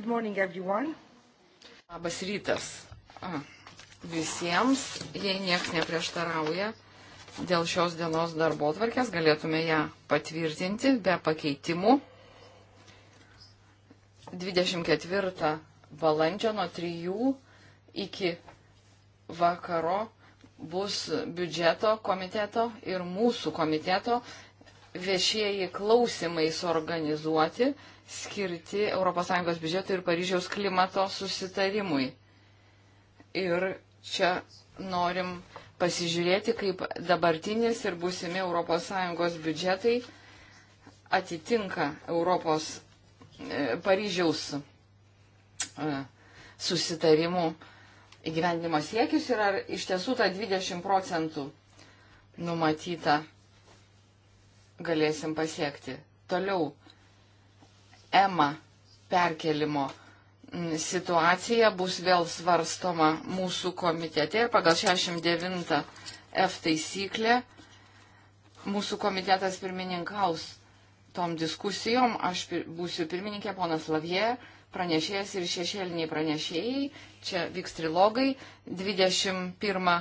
Good morning, everyone. Labas rytas visiems, jei nieks neprieštarauja. Dėl šios dienos darbo tvarkės galėtume ją patvirtinti be pakeitimų. 24 valandžio nuo 3 iki vakaro bus biudžeto komiteto ir mūsų komiteto viešieji klausimai suorganizuoti, skirti ES biudžetui ir Paryžiaus klimato susitarimui. Ir čia norim pasižiūrėti, kaip dabartinis ir būsimi ES biudžetai atitinka Europos e, Paryžiaus e, susitarimų įgyvendimo siekius ir ar iš tiesų ta 20 procentų numatyta galėsim pasiekti. Toliau EMA perkelimo mm, situacija bus vėl svarstoma mūsų komitete ir pagal 69 F taisyklę mūsų komitetas pirmininkaus tom diskusijom. Aš būsiu pirmininkė, ponas Lavie, pranešėjas ir šešėliniai pranešėjai. Čia vyks trilogai. 21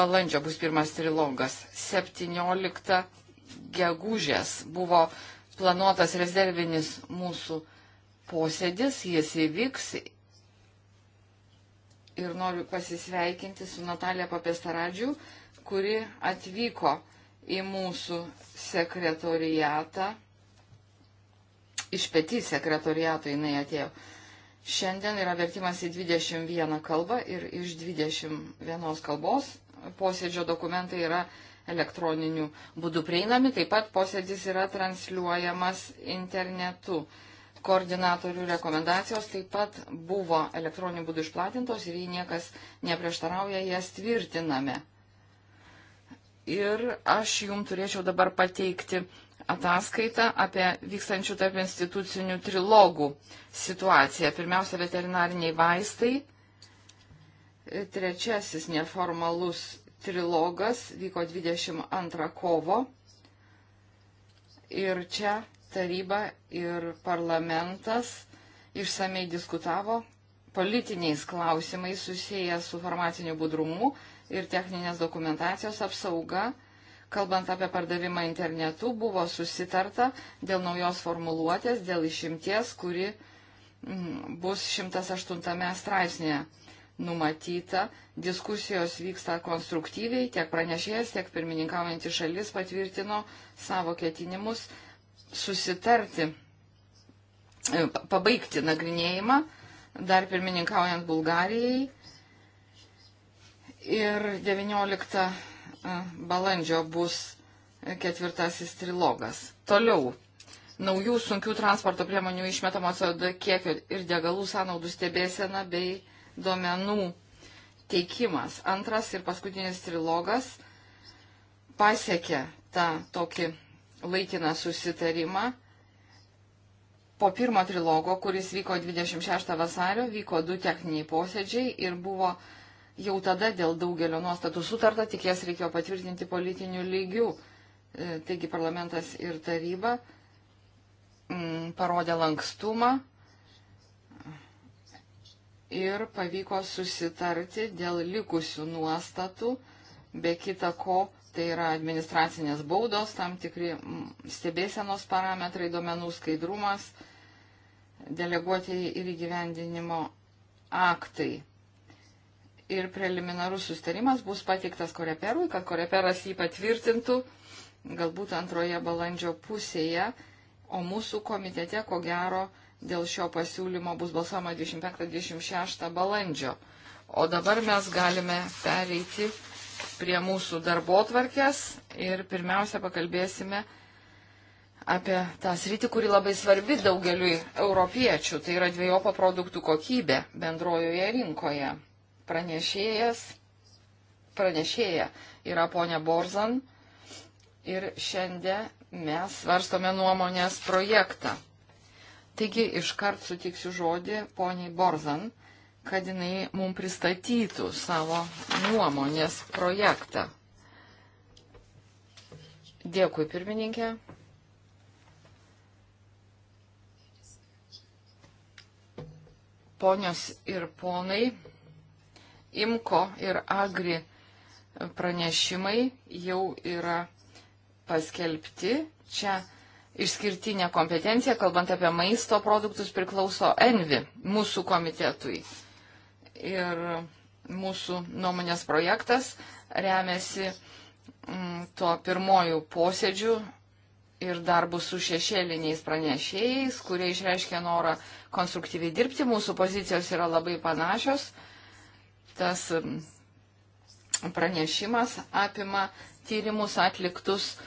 balandžio bus pirmas trilogas. 17 gegužės buvo planuotas rezervinis mūsų posėdis, jis įvyks. Ir noriu pasisveikinti su Natalija Papestaradžiu, kuri atvyko į mūsų sekretoriatą. Iš peti sekretoriato jinai atėjo. Šiandien yra vertimas į 21 kalbą ir iš 21 kalbos posėdžio dokumentai yra elektroniniu būdu prieinami. Taip pat posėdis yra transliuojamas internetu. Koordinatorių rekomendacijos taip pat buvo elektroniniu būdu išplatintos ir jei niekas neprieštarauja, jas tvirtiname. Ir aš jums turėčiau dabar pateikti ataskaitą apie vykstančių tarp institucinių trilogų situaciją. Pirmiausia, veterinariniai vaistai. Trečiasis neformalus trilogas vyko 22 kovo ir čia taryba ir parlamentas išsamei diskutavo politiniais klausimais susiję su farmaciniu budrumu ir techninės dokumentacijos apsauga. Kalbant apie pardavimą internetu, buvo susitarta dėl naujos formuluotės, dėl išimties, kuri mm, bus 108 straipsnėje numatyta, diskusijos vyksta konstruktyviai, tiek pranešėjas, tiek pirmininkaujantį šalis patvirtino savo ketinimus susitarti, e, pabaigti nagrinėjimą, dar pirmininkaujant Bulgarijai. Ir 19 e, balandžio bus ketvirtasis trilogas. Toliau naujų sunkių transporto priemonių išmetamo CO2 kiekio ir degalų sąnaudų stebėsena bei duomenų teikimas. Antras ir paskutinis trilogas pasiekė tą tokį laikiną susitarimą. Po pirmo trilogo, kuris vyko 26 vasario, vyko du techniniai posėdžiai ir buvo jau tada dėl daugelio nuostatų sutarta, tik jas reikėjo patvirtinti politinių lygių. E, taigi parlamentas ir taryba mm, parodė lankstumą ir pavyko susitarti dėl likusių nuostatų, be kita ko, tai yra administracinės baudos, tam tikri stebėsenos parametrai, duomenų skaidrumas, deleguotieji ir įgyvendinimo aktai. Ir preliminarus sustarimas bus pateiktas koreperui, kad koreperas jį patvirtintų galbūt antroje balandžio pusėje, o mūsų komitete, ko gero, Dėl šio pasiūlymo bus balsuojama 25-26 balandžio. O dabar mes galime pereiti prie mūsų darbo tvarkės ir pirmiausia pakalbėsime apie tą sritį, kuri labai svarbi daugeliui europiečių, tai yra dviejopa produktų kokybė bendrojoje rinkoje. Pranešėjas, pranešėja yra ponia Borzan ir šiandien mes svarstome nuomonės projektą Taigi iškart sutiksiu žodį poniai Borzan, kad jinai mums pristatytų savo nuomonės projektą. Dėkui, pirmininkė. Ponios ir ponai, Imko ir Agri pranešimai jau yra paskelbti. Čia išskirtinė kompetencija, kalbant apie maisto produktus, priklauso Envi, mūsų komitetui. Ir mūsų nuomonės projektas remiasi m, mm, tuo pirmojų posėdžių ir darbų su šešėliniais pranešėjais, kurie išreiškė norą konstruktyviai dirbti. Mūsų pozicijos yra labai panašios. Tas mm, pranešimas apima tyrimus atliktus uh,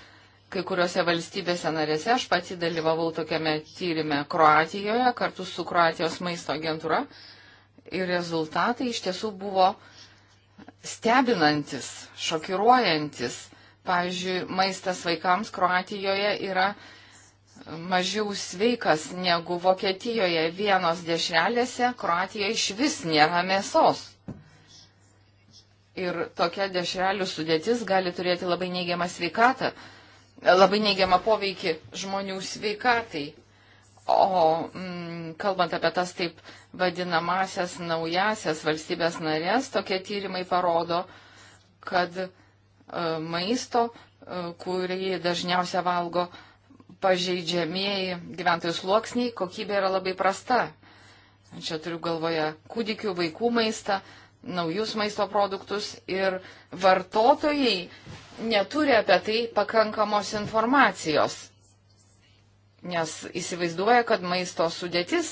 kai kuriuose valstybėse narėse. Aš pati dalyvavau tokiame tyrimė Kroatijoje kartu su Kroatijos maisto agentūra ir rezultatai iš tiesų buvo stebinantis, šokiruojantis. Pavyzdžiui, maistas vaikams Kroatijoje yra mažiau sveikas negu Vokietijoje vienos dešrelėse, Kroatijoje iš vis nėra mėsos. Ir tokia dešrelių sudėtis gali turėti labai neigiamą sveikatą labai neigiamą poveikį žmonių sveikatai. O mm, kalbant apie tas taip vadinamasias naujasias valstybės narės, tokie tyrimai parodo, kad e, maisto, e, kurį dažniausia valgo pažeidžiamieji gyventojų sluoksniai, kokybė yra labai prasta. Čia turiu galvoje kūdikių, vaikų maistą, naujus maisto produktus ir vartotojai neturi apie tai pakankamos informacijos, nes įsivaizduoja, kad maisto sudėtis,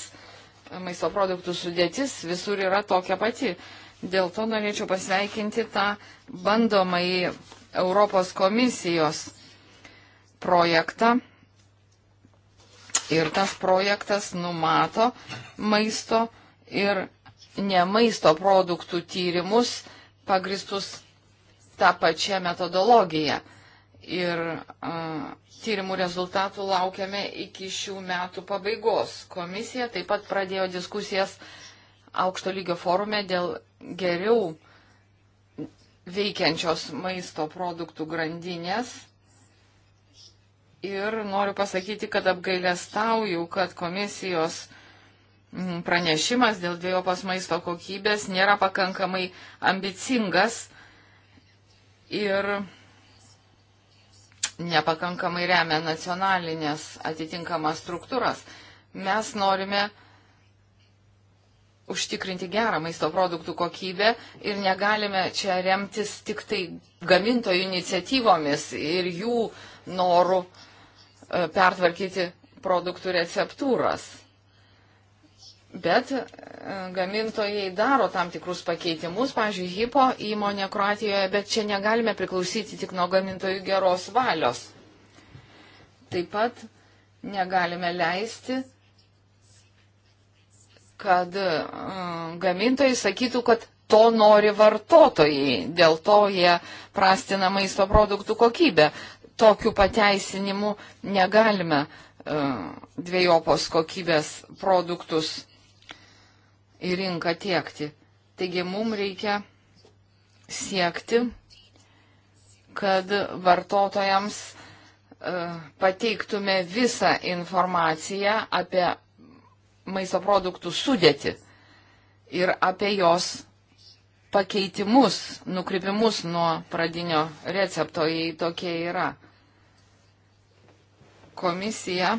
maisto produktų sudėtis visur yra tokia pati. Dėl to norėčiau pasveikinti tą bandomąjį Europos komisijos projektą. Ir tas projektas numato maisto ir ne maisto produktų tyrimus pagristus tą pačią metodologiją. Ir uh, tyrimų rezultatų laukiame iki šių metų pabaigos. Komisija taip pat pradėjo diskusijas aukšto lygio forume dėl geriau veikiančios maisto produktų grandinės. Ir noriu pasakyti, kad apgailestauju, kad komisijos pranešimas dėl dviejopos maisto kokybės nėra pakankamai ambicingas ir nepakankamai remia nacionalinės atitinkamas struktūras. Mes norime užtikrinti gerą maisto produktų kokybę ir negalime čia remtis tik tai gamintojų iniciatyvomis ir jų norų e, pertvarkyti produktų receptūras. Bet e, gamintojai daro tam tikrus pakeitimus, pavyzdžiui, Hipo įmonė Kroatijoje, bet čia negalime priklausyti tik nuo gamintojų geros valios. Taip pat negalime leisti, kad e, gamintojai sakytų, kad to nori vartotojai, dėl to jie prastina maisto produktų kokybę. Tokių pateisinimų negalime e, dviejopos kokybės produktus į rinką tiekti. Taigi mums reikia siekti, kad vartotojams e, pateiktume visą informaciją apie maisto produktų sudėti ir apie jos pakeitimus, nukrypimus nuo pradinio recepto, jei tokie yra. Komisija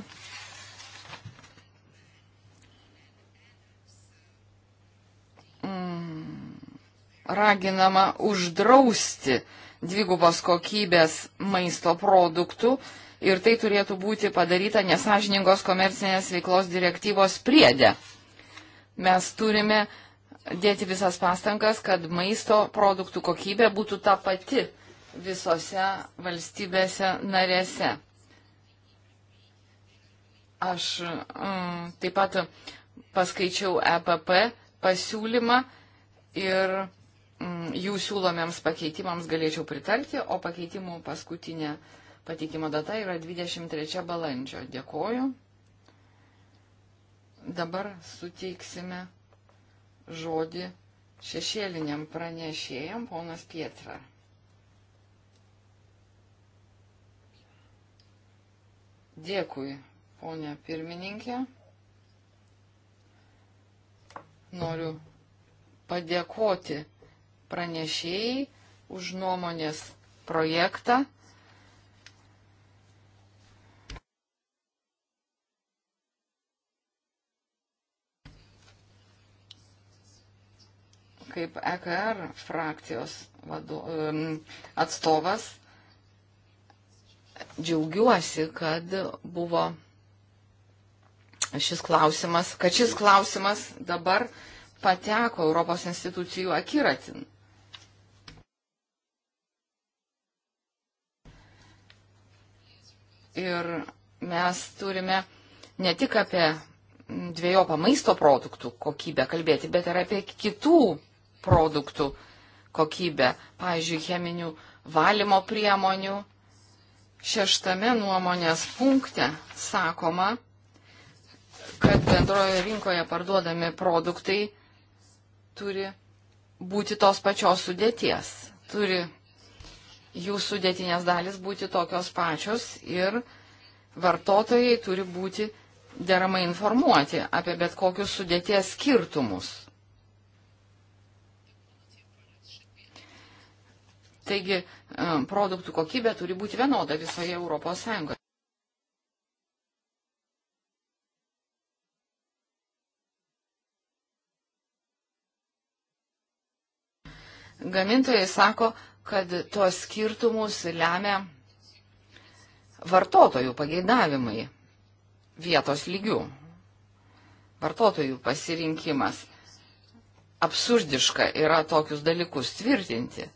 raginama uždrausti dvigubos kokybės maisto produktų ir tai turėtų būti padaryta nesažiningos komercinės veiklos direktyvos priedė. Mes turime dėti visas pastangas, kad maisto produktų kokybė būtų ta pati visose valstybėse narėse. Aš mm, taip pat paskaičiau EPP pasiūlymą ir Mm, jų siūlomiems pakeitimams galėčiau pritarti, o pakeitimų paskutinė pateikimo data yra 23 balandžio. Dėkoju. Dabar suteiksime žodį šešėliniam pranešėjam, ponas Pietra. Dėkui, ponė pirmininkė. Noriu padėkoti pranešėjai už nuomonės projektą. Kaip EKR frakcijos vado, atstovas džiaugiuosi, kad buvo šis klausimas, kad šis klausimas dabar pateko Europos institucijų akiratin. Ir mes turime ne tik apie dviejopą maisto produktų kokybę kalbėti, bet ir apie kitų produktų kokybę, pavyzdžiui, cheminių valymo priemonių. Šeštame nuomonės punkte sakoma, kad bendroje rinkoje parduodami produktai turi būti tos pačios sudėties, turi jų sudėtinės dalis būti tokios pačios ir vartotojai turi būti deramai informuoti apie bet kokius sudėties skirtumus. Taigi e, produktų kokybė turi būti vienoda visoje Europos Sąjungoje. Gamintojai sako, kad tuos skirtumus lemia vartotojų pageidavimai vietos lygių, vartotojų pasirinkimas. Absurdiška yra tokius dalykus tvirtinti.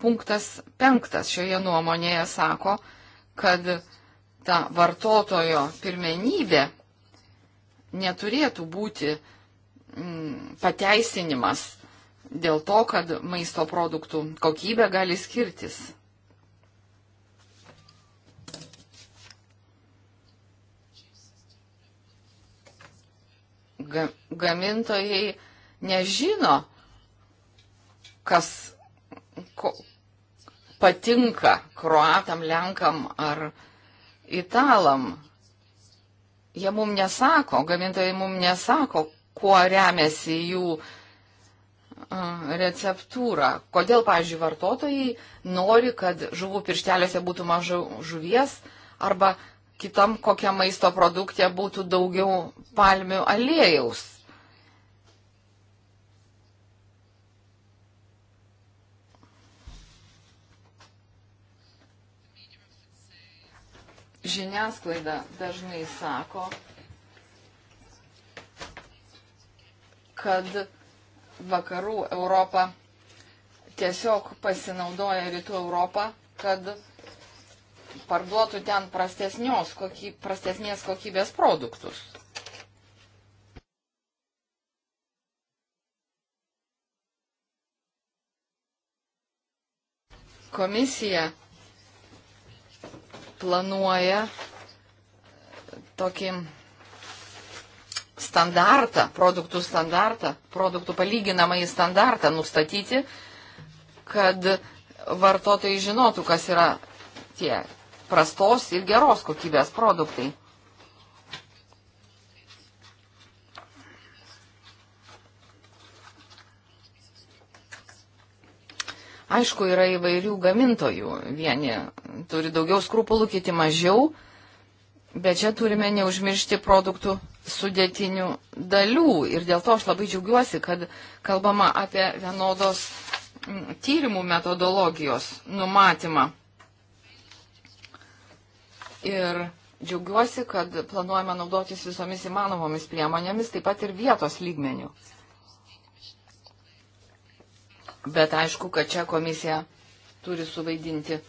Punktas penktas šioje nuomonėje sako, kad ta vartotojo pirmenybė neturėtų būti mm, pateisinimas dėl to, kad maisto produktų kokybė gali skirtis. Ga, gamintojai nežino, kas ko, patinka kruatam, lenkam ar italam. Jie mum nesako, gamintojai mum nesako, kuo remiasi jų uh, receptūrą. Kodėl, pavyzdžiui, vartotojai nori, kad žuvų piršteliuose būtų mažiau žuvies arba kitam kokia maisto produktė būtų daugiau palmių aliejaus. Žiniasklaida dažnai sako, kad vakarų Europą tiesiog pasinaudoja rytų Europą, kad parduotų ten koky, prastesnės kokybės produktus. Komisija planuoja tokį standartą, produktų standartą, produktų palyginamąjį standartą nustatyti, kad vartotojai žinotų, kas yra tie prastos ir geros kokybės produktai. Aišku, yra įvairių gamintojų. Vieni turi daugiau skrupulų, kiti mažiau. Bet čia turime neužmiršti produktų sudėtinių dalių. Ir dėl to aš labai džiaugiuosi, kad kalbama apie vienodos mm, tyrimų metodologijos numatymą. Ir džiaugiuosi, kad planuojame naudotis visomis įmanomomis priemonėmis, taip pat ir vietos lygmenių. Bet aišku, kad čia komisija turi suvaidinti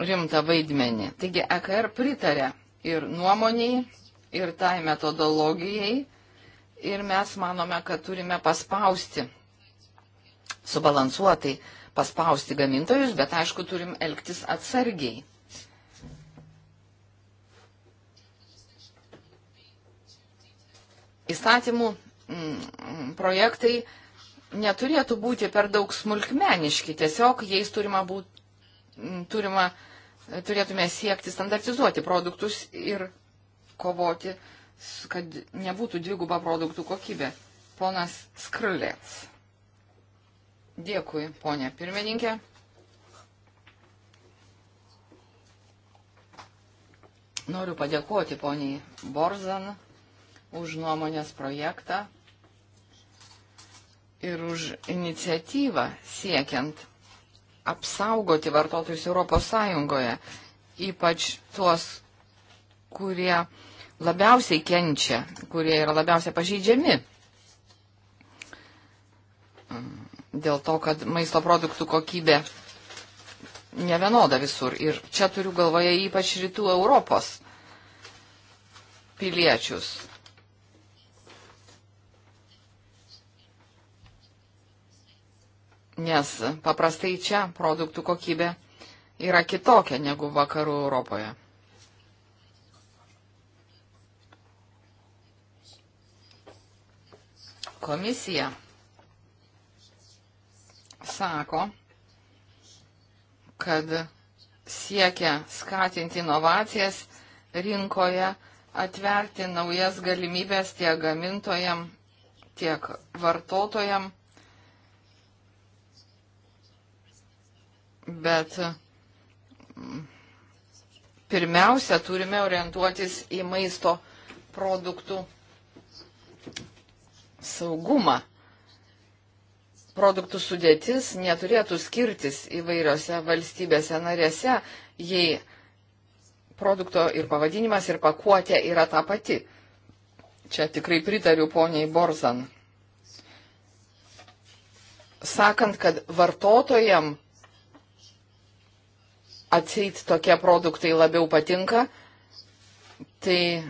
rimtą vaidmenį. Taigi EKR pritarė ir nuomoniai, ir tai metodologijai, ir mes manome, kad turime paspausti, subalansuotai paspausti gamintojus, bet aišku, turim elgtis atsargiai. Įstatymų mm, projektai neturėtų būti per daug smulkmeniški, tiesiog jais turima būt, turima, turėtume siekti standartizuoti produktus ir kovoti, kad nebūtų dviguba produktų kokybė. Ponas Skrulėts. Dėkui, ponė pirmininkė. Noriu padėkoti poniai Borzan už nuomonės projektą ir už iniciatyvą siekiant apsaugoti vartotojus Europos Sąjungoje, ypač tuos, kurie labiausiai kenčia, kurie yra labiausiai pažeidžiami. Dėl to, kad maisto produktų kokybė nevienoda visur. Ir čia turiu galvoje ypač rytų Europos piliečius. nes paprastai čia produktų kokybė yra kitokia negu vakarų Europoje. Komisija sako, kad siekia skatinti inovacijas rinkoje, atverti naujas galimybės tiek gamintojam, tiek vartotojam Bet mm, pirmiausia, turime orientuotis į maisto produktų saugumą. Produktų sudėtis neturėtų skirtis įvairiose valstybėse narėse, jei produkto ir pavadinimas ir pakuotė yra ta pati. Čia tikrai pritariu poniai Borzan. Sakant, kad vartotojam atseit tokie produktai labiau patinka, tai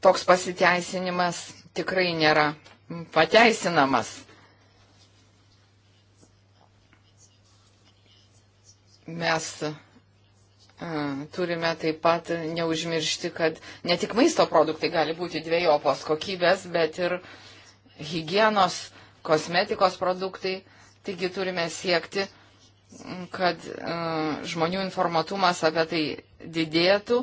toks pasiteisinimas tikrai nėra pateisinamas. Mes e, turime taip pat neužmiršti, kad ne tik maisto produktai gali būti dviejopos kokybės, bet ir hygienos, kosmetikos produktai. Taigi turime siekti kad e, žmonių informatumas apie tai didėtų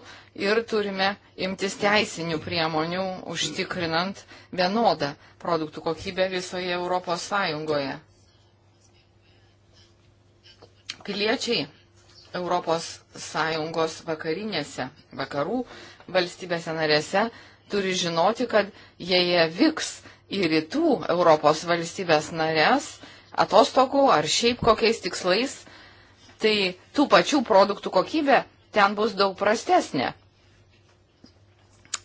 ir turime imtis teisinių priemonių užtikrinant vienodą produktų kokybę visoje Europos Sąjungoje. Piliečiai Europos Sąjungos vakarinėse, vakarų valstybėse narėse turi žinoti, kad jei jie vyks į rytų Europos valstybės narės, atostogų ar šiaip kokiais tikslais, tai tų pačių produktų kokybė ten bus daug prastesnė.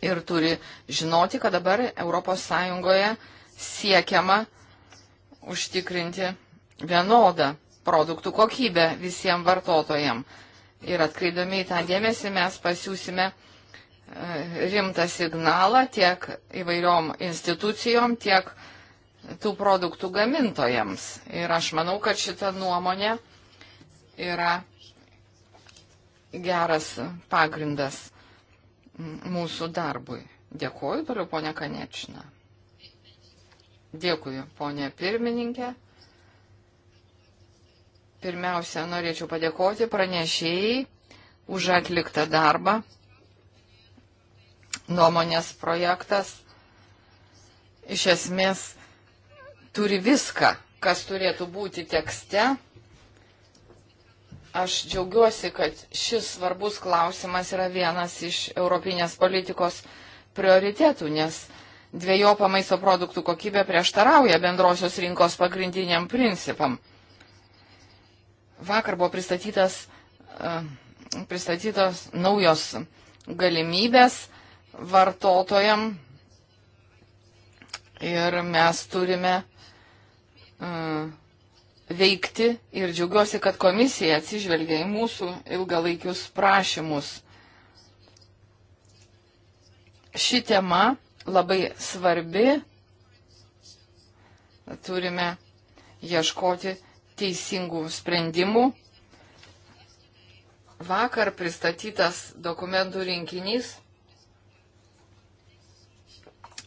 Ir turi žinoti, kad dabar ES siekiama užtikrinti vienodą produktų kokybę visiems vartotojams. Ir atkreidami į tą dėmesį mes pasiūsime e, rimtą signalą tiek įvairiom institucijom, tiek uh, tų produktų gamintojams. Ir aš manau, kad šita nuomonė yra geras pagrindas mūsų darbui. Dėkuoju toliau, ponia Kanečina. Dėkuoju, ponia pirmininkė. Pirmiausia, norėčiau padėkoti pranešėjai už atliktą darbą. Nuomonės projektas iš esmės turi viską, kas turėtų būti tekste. Aš džiaugiuosi, kad šis svarbus klausimas yra vienas iš europinės politikos prioritėtų, nes dviejopa maisto produktų kokybė prieštarauja bendrosios rinkos pagrindiniam principam. Vakar buvo pristatytas, e, pristatytos naujos galimybės vartotojam ir mes turime veikti ir džiaugiuosi, kad komisija atsižvelgia į mūsų ilgalaikius prašymus. Ši tema labai svarbi. Turime ieškoti teisingų sprendimų. Vakar pristatytas dokumentų rinkinys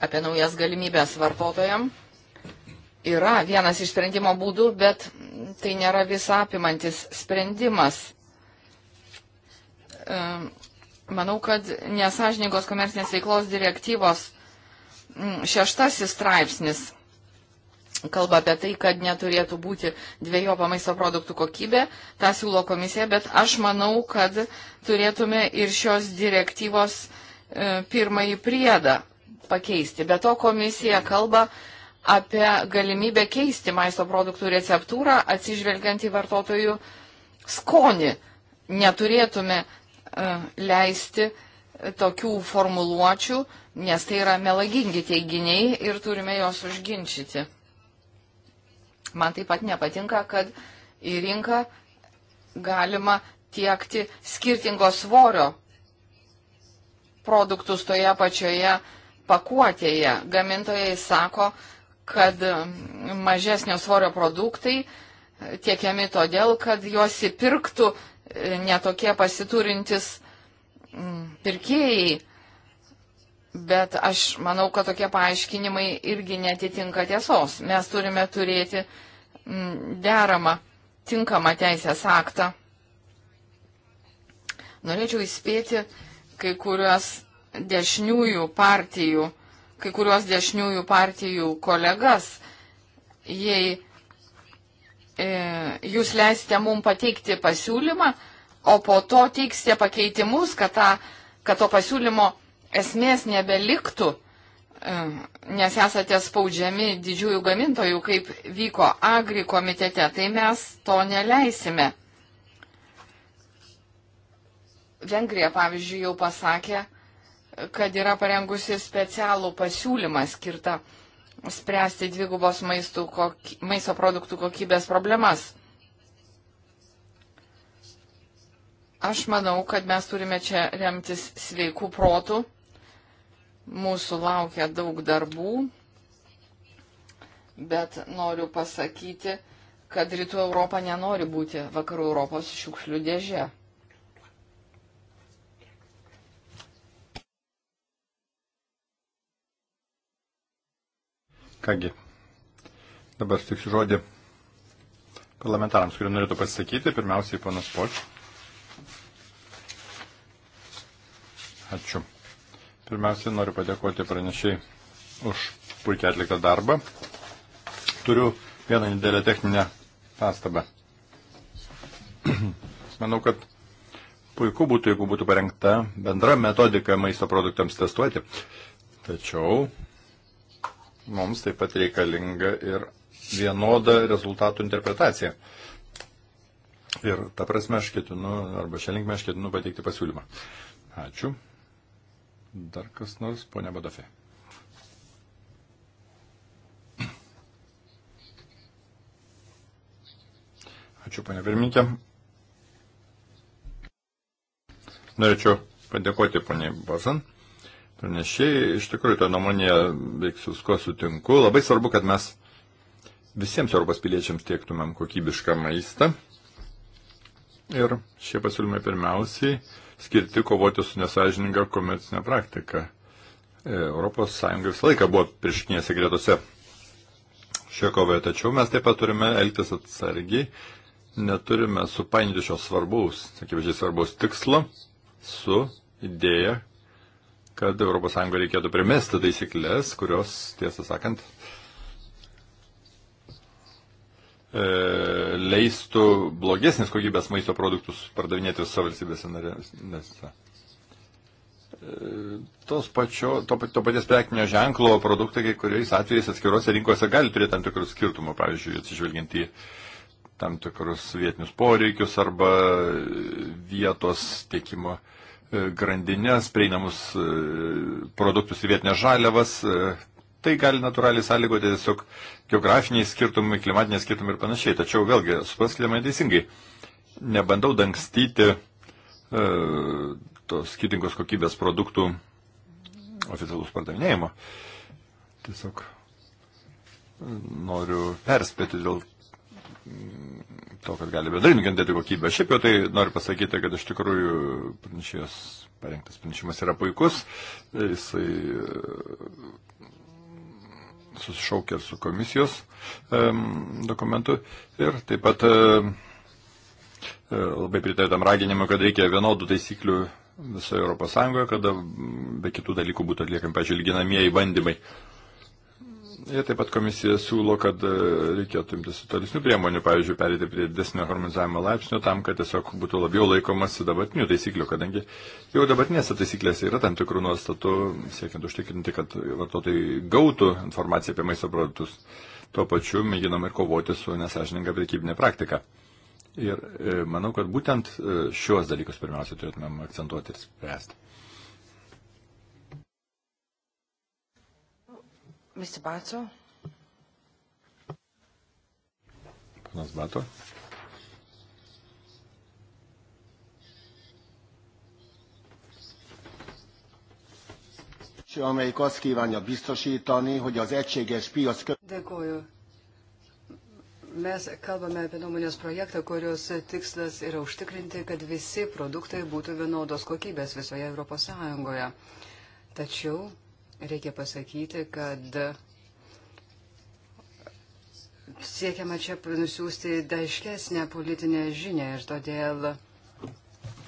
apie naujas galimybės vartotojams yra vienas iš sprendimo būdų, bet tai nėra visapimantis sprendimas. E, manau, kad nesažiningos komercinės veiklos direktyvos šeštasis straipsnis kalba apie tai, kad neturėtų būti dviejopa maisto produktų kokybė, tą siūlo komisija, bet aš manau, kad turėtume ir šios direktyvos e, pirmąjį priedą pakeisti. Be to komisija kalba, apie galimybę keisti maisto produktų receptūrą atsižvelgiant į vartotojų skonį. Neturėtume e, leisti tokių formuluočių, nes tai yra melagingi teiginiai ir turime juos užginčyti. Man taip pat nepatinka, kad į rinką galima tiekti skirtingo svorio produktus toje pačioje pakuotėje. Gamintojai sako, kad mažesnio svorio produktai tiekiami todėl, kad juos įpirktų e, netokie pasiturintis mm, pirkėjai. Bet aš manau, kad tokie paaiškinimai irgi netitinka tiesos. Mes turime turėti mm, deramą, tinkamą teisės aktą. Norėčiau įspėti kai kuriuos dešiniųjų partijų kai kuriuos dešiniųjų partijų kolegas, jei e, jūs leisite mum pateikti pasiūlymą, o po to teiksite pakeitimus, kad, ta, kad to pasiūlymo esmės nebeliktų, e, nes esate spaudžiami didžiųjų gamintojų, kaip vyko Agri komitete, tai mes to neleisime. Vengrija, pavyzdžiui, jau pasakė, kad yra parengusi specialų pasiūlymą skirtą spręsti dvigubos koky, maisto produktų kokybės problemas. Aš manau, kad mes turime čia remtis sveikų protų. Mūsų laukia daug darbų, bet noriu pasakyti, kad rytų Europa nenori būti vakarų Europos šiukšlių dėžė. Kągi, dabar sutiksiu žodį parlamentarams, kurie norėtų pasisakyti. Pirmiausiai, panas Poč. Ačiū. Pirmiausiai noriu padėkoti pranešiai už puikiai atliktą darbą. Turiu vieną nedėlę techninę pastabą. Manau, kad puiku būtų, jeigu būtų parengta bendra metodika maisto produktams testuoti. Tačiau mums taip pat reikalinga ir vienoda rezultatų interpretacija. Ir ta prasme aš ketinu, arba šią linkmę aš ketinu pateikti pasiūlymą. Ačiū. Dar kas nors, ponia Badafė. Ačiū, ponia pirmininkė. Norėčiau padėkoti poniai Bazan pranešėjai. Iš tikrųjų, to nuomonėje veiksiu, su kuo sutinku. Labai svarbu, kad mes visiems Europos piliečiams tiektumėm kokybišką maistą. Ir šie pasiūlymai pirmiausiai skirti kovoti su nesažininga komercinė praktika. ES visą laiką buvo prieškinėse gretose šioje kovoje, tačiau mes taip pat turime elgtis atsargiai, neturime supainioti šios svarbaus, sakykime, svarbaus tikslo su idėja, kad ES reikėtų primesti taisyklės, kurios, tiesą sakant, e, leistų blogesnės kokybės maisto produktus pardavinėti visose valstybėse narėse. E, tos pačio, to, to paties prekinio ženklo produktai, kai kuriais atvejais atskiruose rinkose gali turėti tam tikrų skirtumų, pavyzdžiui, atsižvelgiant į tam tikrus vietinius poreikius arba vietos tiekimo uh, E, grandinės, prieinamus e, produktus ir vietinės žaliavas. E, tai gali natūraliai sąlygoti tiesiog geografiniai skirtumai, klimatiniai skirtumai ir panašiai. Tačiau vėlgi, supraskime teisingai, nebandau dangstyti e, tos skirtingos kokybės produktų oficialus pardavinėjimo. Tiesiog noriu perspėti dėl to, kad gali bedrai nukentėti kokybę. Šiaip jau tai noriu pasakyti, kad iš tikrųjų pranešėjas parengtas pranešimas yra puikus. Jisai e, susišaukė su komisijos e, dokumentu ir taip pat e, labai pritariu tam raginimu, kad reikia vienodų taisyklių visoje Europos Sąjungoje, kada be kitų dalykų būtų atliekami, pažiūrėjau, lyginamieji bandymai. Uh, Ir taip pat komisija siūlo, kad e, reikėtų imtis tolesnių priemonių, pavyzdžiui, perėti prie didesnio harmonizavimo laipsnio tam, kad tiesiog būtų labiau laikomasi dabartinių taisyklių, kadangi jau dabartinėse taisyklėse yra tam tikrų nuostatų, siekiant užtikrinti, kad vartotojai gautų informaciją apie maisto produktus. Tuo pačiu mėginam ir kovoti su nesažininga prekybinė praktika. Ir e, manau, kad būtent e, šios dalykus pirmiausia turėtumėm akcentuoti ir spręsti. Mr. Baco. Ponas Bato. amelyik azt kívánja biztosítani, hogy az egységes piac... Dėkuoju. Mes kalbame apie nuomonės projektą, kurios tikslas yra užtikrinti, kad visi produktai būtų vienodos kokybės visoje Europos Sąjungoje. Tačiau reikia pasakyti, kad siekiama čia nusiųsti daiškesnę politinę žinę ir todėl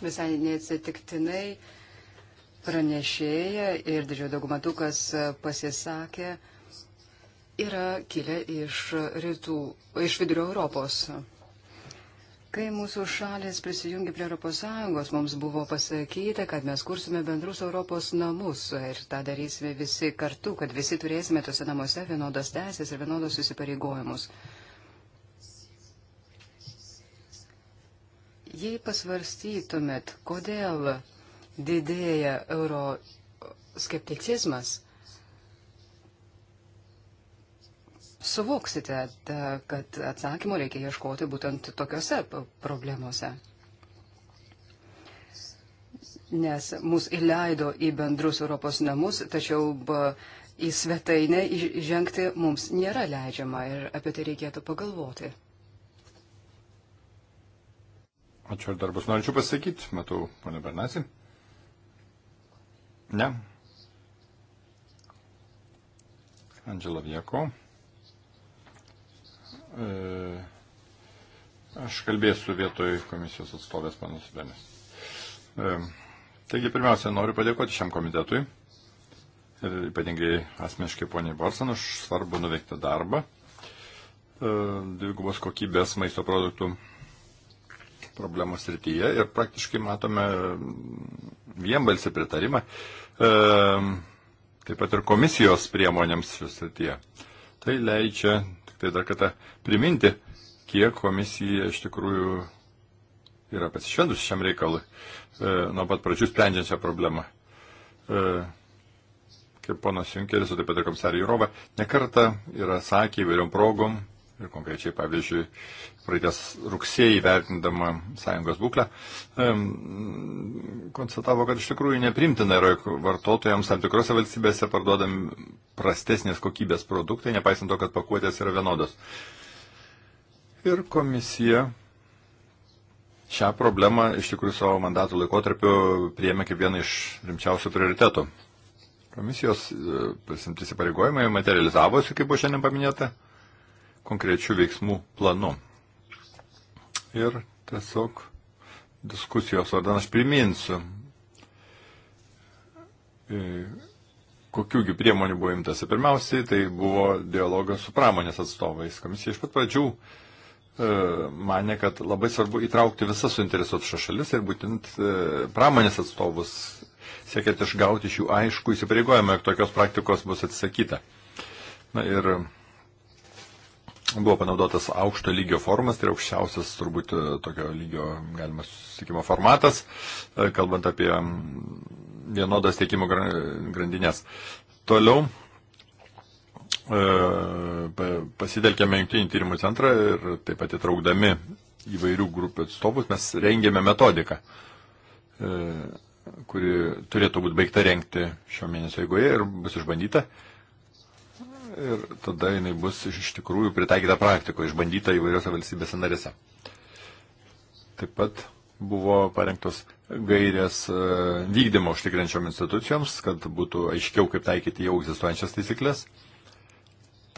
visai neatsitiktinai pranešėja ir didžioji dauguma tų, kas pasisakė, yra kilę iš rytų, iš vidurio Europos. Kai mūsų šalis prisijungė prie ES, mums buvo pasakyta, kad mes kursime bendrus Europos namus ir tą darysime visi kartu, kad visi turėsime tuose namuose vienodas teisės ir vienodos susipareigojimus. Jei pasvarstytumėt, kodėl didėja euroskepticizmas, suvoksite, kad atsakymų reikia ieškoti būtent tokiuose problemuose. Nes mus įleido į bendrus Europos namus, tačiau į svetainę žengti mums nėra leidžiama ir apie tai reikėtų pagalvoti. Ačiū, ar dar bus norinčių pasakyti, matau, ponia Bernasi. Ne. Andžela Vieko. E, aš kalbėsiu vietoj komisijos atstovės, panas Benės. E, taigi, pirmiausia, noriu padėkoti šiam komitetui ir ypatingai asmeniškai poniai Borsan už svarbu nuveiktą darbą e, dvigubos kokybės maisto produktų problemos srityje ir praktiškai matome vienbalsį pritarimą, e, taip pat ir komisijos priemonėms šioje srityje. Tai leidžia tik tai dar kartą priminti, kiek komisija iš tikrųjų yra pasišventusi šiam reikalui, e, nuo pat pradžių sprendžiant šią problemą. E, kaip ponas Junkeris, o taip pat ir komisarė Jurova, nekarta yra sakę įvairiom progom, ir konkrečiai, pavyzdžiui, praeities rugsėjai vertindama sąjungos būklę, konstatavo, kad iš tikrųjų neprimtina yra vartotojams tam tikrose valstybėse parduodami prastesnės kokybės produktai, nepaisant to, kad pakuotės yra vienodos. Ir komisija šią problemą iš tikrųjų savo mandatų laikotarpiu priėmė kaip vieną iš rimčiausių prioritetų. Komisijos e, prisimtis įpareigojimai materializavosi, kaip buvo šiandien paminėta konkrečių veiksmų planu. Ir tiesiog diskusijos vardan aš priminsiu, e, kokiųgi priemonių buvo imtasi. Pirmiausiai tai buvo dialogas su pramonės atstovais. Komisija iš pat pradžių e, mane, kad labai svarbu įtraukti visas suinteresuotas šalis ir būtent e, pramonės atstovus, siekiant išgauti iš jų aišku įsipareigojimą, jog tokios praktikos bus atsisakyta. Na ir Buvo panaudotas aukšto lygio formas, tai yra aukščiausias turbūt e, tokio lygio galima susikimo formatas, e, kalbant apie vienodas tiekimo grandinės. Toliau e, pasitelkėme jungtinį tyrimų centrą ir taip pat įtraukdami įvairių grupių atstovus mes rengėme metodiką, kuri turėtų būti baigta rengti šio mėnesio eigoje ir bus išbandyta ir tada jinai bus iš tikrųjų pritaikyta praktikoje, išbandyta įvairiose valstybėse narėse. Taip pat buvo parengtos gairės e, vykdymo užtikrinčiom institucijoms, kad būtų aiškiau, kaip taikyti jau egzistuojančias taisyklės.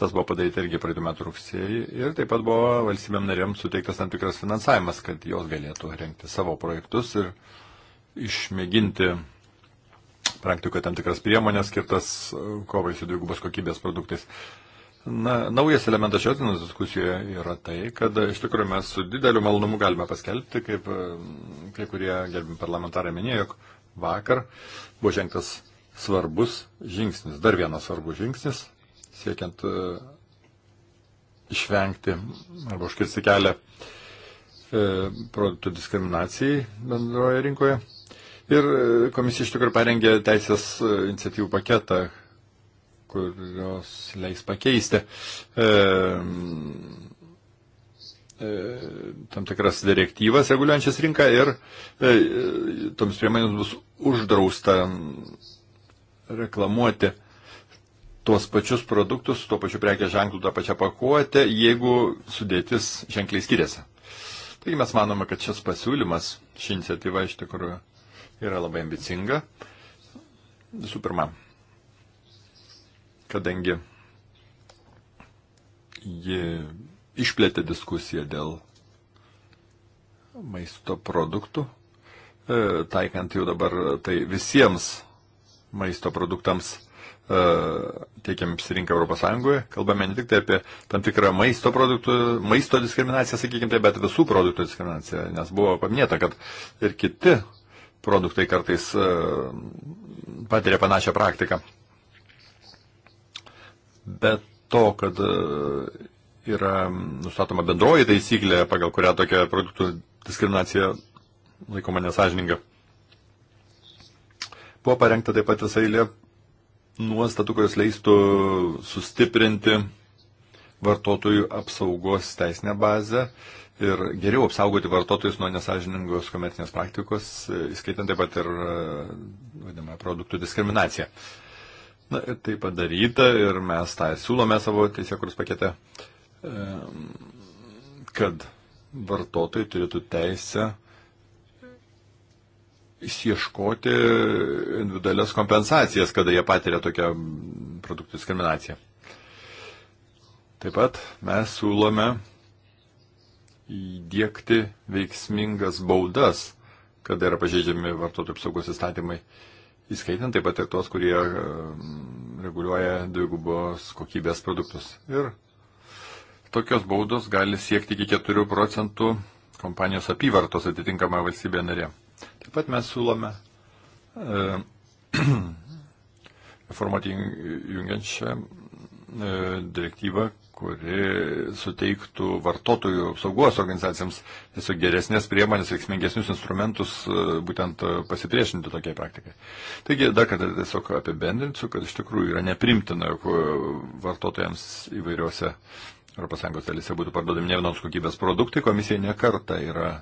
Tas buvo padaryta irgi praeitų metų rugsėjį ir taip pat buvo valstybėm narėm suteiktas tam tikras finansavimas, kad jos galėtų rengti savo projektus ir išmėginti praktikoje tam tikras priemonės skirtas e, kovai su dvigubos kokybės produktais. Na, naujas elementas šios dienos diskusijoje yra tai, kad iš tikrųjų mes su dideliu malonumu galime paskelbti, kaip e, kai kurie gerbim parlamentarai minėjo, jog vakar buvo žengtas svarbus žingsnis, dar vienas svarbus žingsnis, siekiant uh, išvengti arba užkirsti kelią uh, produktų diskriminacijai bendroje rinkoje. Ir e, komisija iš tikrųjų parengė teisės e, iniciatyvų paketą, kurios leis pakeisti e, e, tam tikras direktyvas reguliuojančias rinką ir e, toms priemonėms bus uždrausta reklamuoti tuos pačius produktus, tuo pačiu prekės ženklų, tą pačią pakuotę, jeigu sudėtis ženkliai skiriasi. Taigi mes manome, kad šis pasiūlymas, ši iniciatyva iš tikrųjų yra labai ambicinga. Visų pirma, kadangi ji išplėtė diskusiją dėl maisto produktų, e, taikant jau dabar tai visiems maisto produktams e, tiekiams rinką Europos Sąjungoje. Kalbame ne tik tai apie tam tikrą maisto produktų, maisto diskriminaciją, sakykime, tai, bet visų produktų diskriminaciją, nes buvo paminėta, kad ir kiti produktai kartais e, patiria panašią praktiką. Bet to, kad e, yra nustatoma bendroji taisyklė, pagal kurią tokia produktų diskriminacija laikoma nesažininga. Buvo parengta taip pat visai eilė nuostatų, kurios leistų sustiprinti vartotojų apsaugos teisinę bazę ir geriau apsaugoti vartotojus nuo nesažiningos komercinės praktikos, e, įskaitant taip pat ir e, vadinamą produktų diskriminaciją. Na ir tai padaryta ir mes tą siūlome savo teisėkurus pakete, e, kad vartotojai turėtų teisę išieškoti individualias kompensacijas, kada jie patiria tokią produktų diskriminaciją. Taip pat mes siūlome įdėkti veiksmingas baudas, kada yra pažeidžiami vartotojų apsaugos įstatymai, įskaitant taip pat ir tuos, kurie um, reguliuoja dvigubos kokybės produktus. Ir tokios baudos gali siekti iki 4 procentų kompanijos apyvartos atitinkama valstybė narė. Taip pat mes siūlome um, e, formuoti jungiančią uh, direktyvą, kuri suteiktų vartotojų apsaugos organizacijams tiesiog geresnės priemonės, veiksmingesnius instrumentus e, būtent e, pasipriešinti tokiai praktikai. Taigi, dar kartą tiesiog apibendrinsiu, kad iš tikrųjų yra neprimtina, jog e, vartotojams įvairiuose ES dalyse būtų parduodami ne vienos kokybės produktai, komisija nekarta yra e,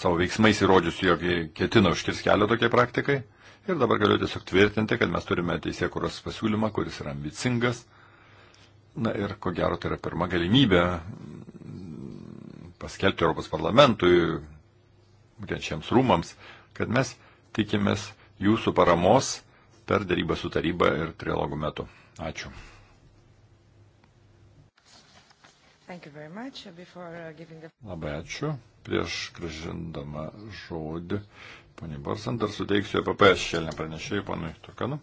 savo veiksmais įrodžiusi, jog ketina užkirs kelią tokiai praktikai. Ir dabar galiu tiesiog tvirtinti, kad mes turime teisėkuros pasiūlymą, kuris yra ambicingas, Na ir ko gero tai yra pirma galimybė paskelbti Europos parlamentui, būtent šiems rūmams, kad mes tikimės jūsų paramos per darybą su taryba ir trilogų metu. Ačiū. Uh, the... Labai ačiū. Prieš gražindama žodį, poniai Barsan, dar suteiksiu EPP šešėlinę pranešėjų, ponui Tokanu.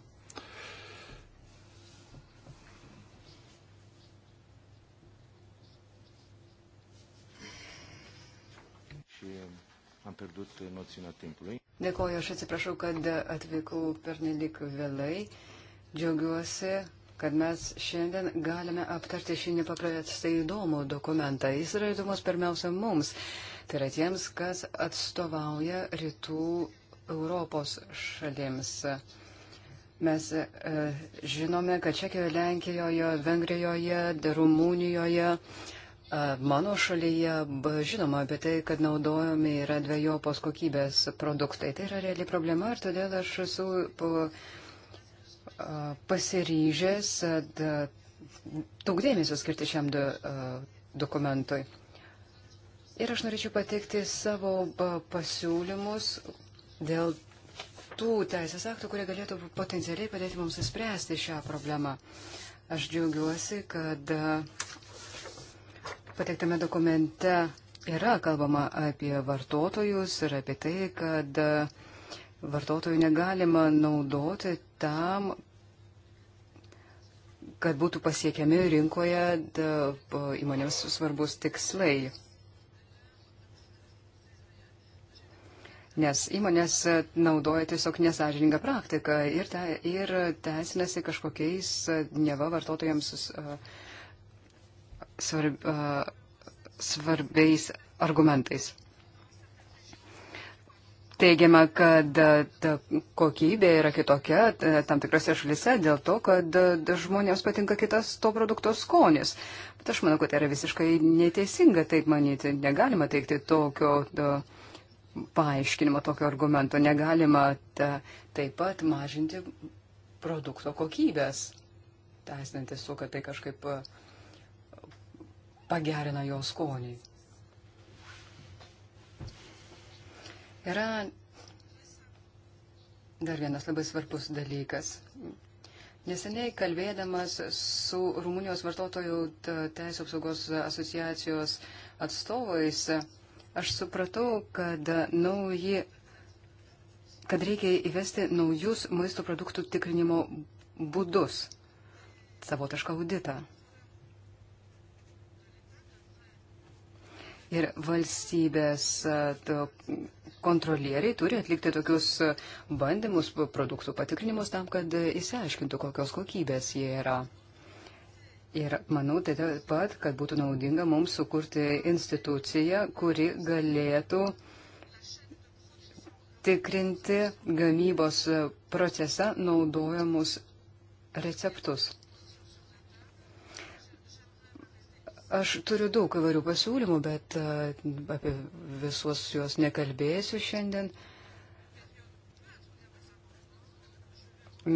pierdut noțiunea timpului. Dėkoju, aš atsiprašau, kad atvykau pernelik vėlai. Džiaugiuosi, kad mes šiandien galime aptarti šį nepaprastai įdomų dokumentą. Jis yra įdomus pirmiausia mums, tai yra tiems, kas atstovauja rytų Europos šalims. Mes e, žinome, kad Čekijoje, Lenkijoje, Vengrijoje, Rumunijoje, e, Mano šalyje žinoma apie tai, kad naudojami yra dviejopos kokybės produktai. Tai yra reali problema ir todėl aš esu pasiryžęs daug dėmesio skirti šiam dokumentui. Ir aš norėčiau pateikti savo pasiūlymus dėl tų teisės aktų, kurie galėtų potencialiai padėti mums įspręsti šią problemą. Aš džiaugiuosi, kad pateiktame dokumente yra kalbama apie vartotojus ir apie tai, kad vartotojų negalima naudoti tam, kad būtų pasiekiami rinkoje da, įmonėms svarbus tikslai. Nes įmonės naudoja tiesiog nesažiningą praktiką ir, te, ir teisinasi kažkokiais neva vartotojams uh, svarb, svarbiais argumentais. Teigiama, kad ta kokybė yra kitokia tam tikrose šalise dėl to, kad žmonėms patinka kitas to produkto skonis. Bet aš manau, kad tai yra visiškai neteisinga taip manyti. Negalima teikti tokio da, paaiškinimo, tokio argumento. Negalima ta, taip pat mažinti produkto kokybės, teisinantis su, kad tai kažkaip uh, pagerina jo skonį. Yra dar vienas labai svarbus dalykas. Neseniai kalbėdamas su Rumunijos vartotojų teisų apsaugos asociacijos atstovais, aš supratau, kad, nauji, kad reikia įvesti naujus maisto produktų tikrinimo būdus, savotišką auditą. Ir valstybės kontrolieriai turi atlikti tokius bandymus, produktų patikrinimus tam, kad įsiaiškintų, kokios kokybės jie yra. Ir manau taip pat, kad būtų naudinga mums sukurti instituciją, kuri galėtų tikrinti gamybos procese naudojamus receptus. Aš turiu daug įvairių pasiūlymų, bet e, apie visus juos nekalbėsiu šiandien.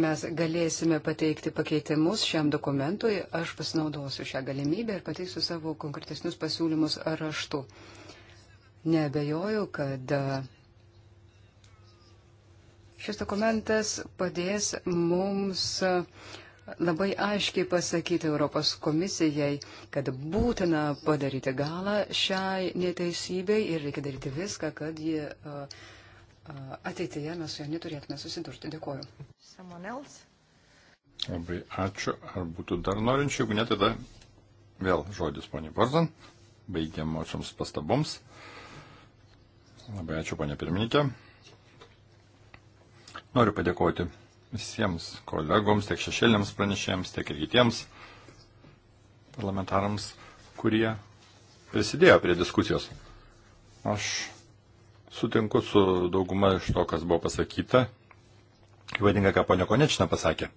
Mes galėsime pateikti pakeitimus šiam dokumentui, aš pasinaudosiu šią galimybę ir pateiksiu savo konkretesnius pasiūlymus raštu. Nebejoju, kad e, šis dokumentas padės mums uh, labai aiškiai pasakyti Europos komisijai, kad būtina padaryti galą šiai neteisybei ir reikia daryti viską, kad ji ateityje mes su ja neturėtume susidurti. Dėkuoju. Labai ačiū. Ar būtų dar norinčių? Jeigu ne, tada vėl žodis poniai Varzan. Baigiamosioms pastaboms. Labai ačiū, ponė pirmininkė. Noriu padėkoti visiems kolegoms, tiek šešėliams pranešėjams, tiek ir kitiems parlamentarams, kurie prisidėjo prie diskusijos. Aš sutinku su dauguma iš to, kas buvo pasakyta, ypatingai ką ponia Konečina pasakė.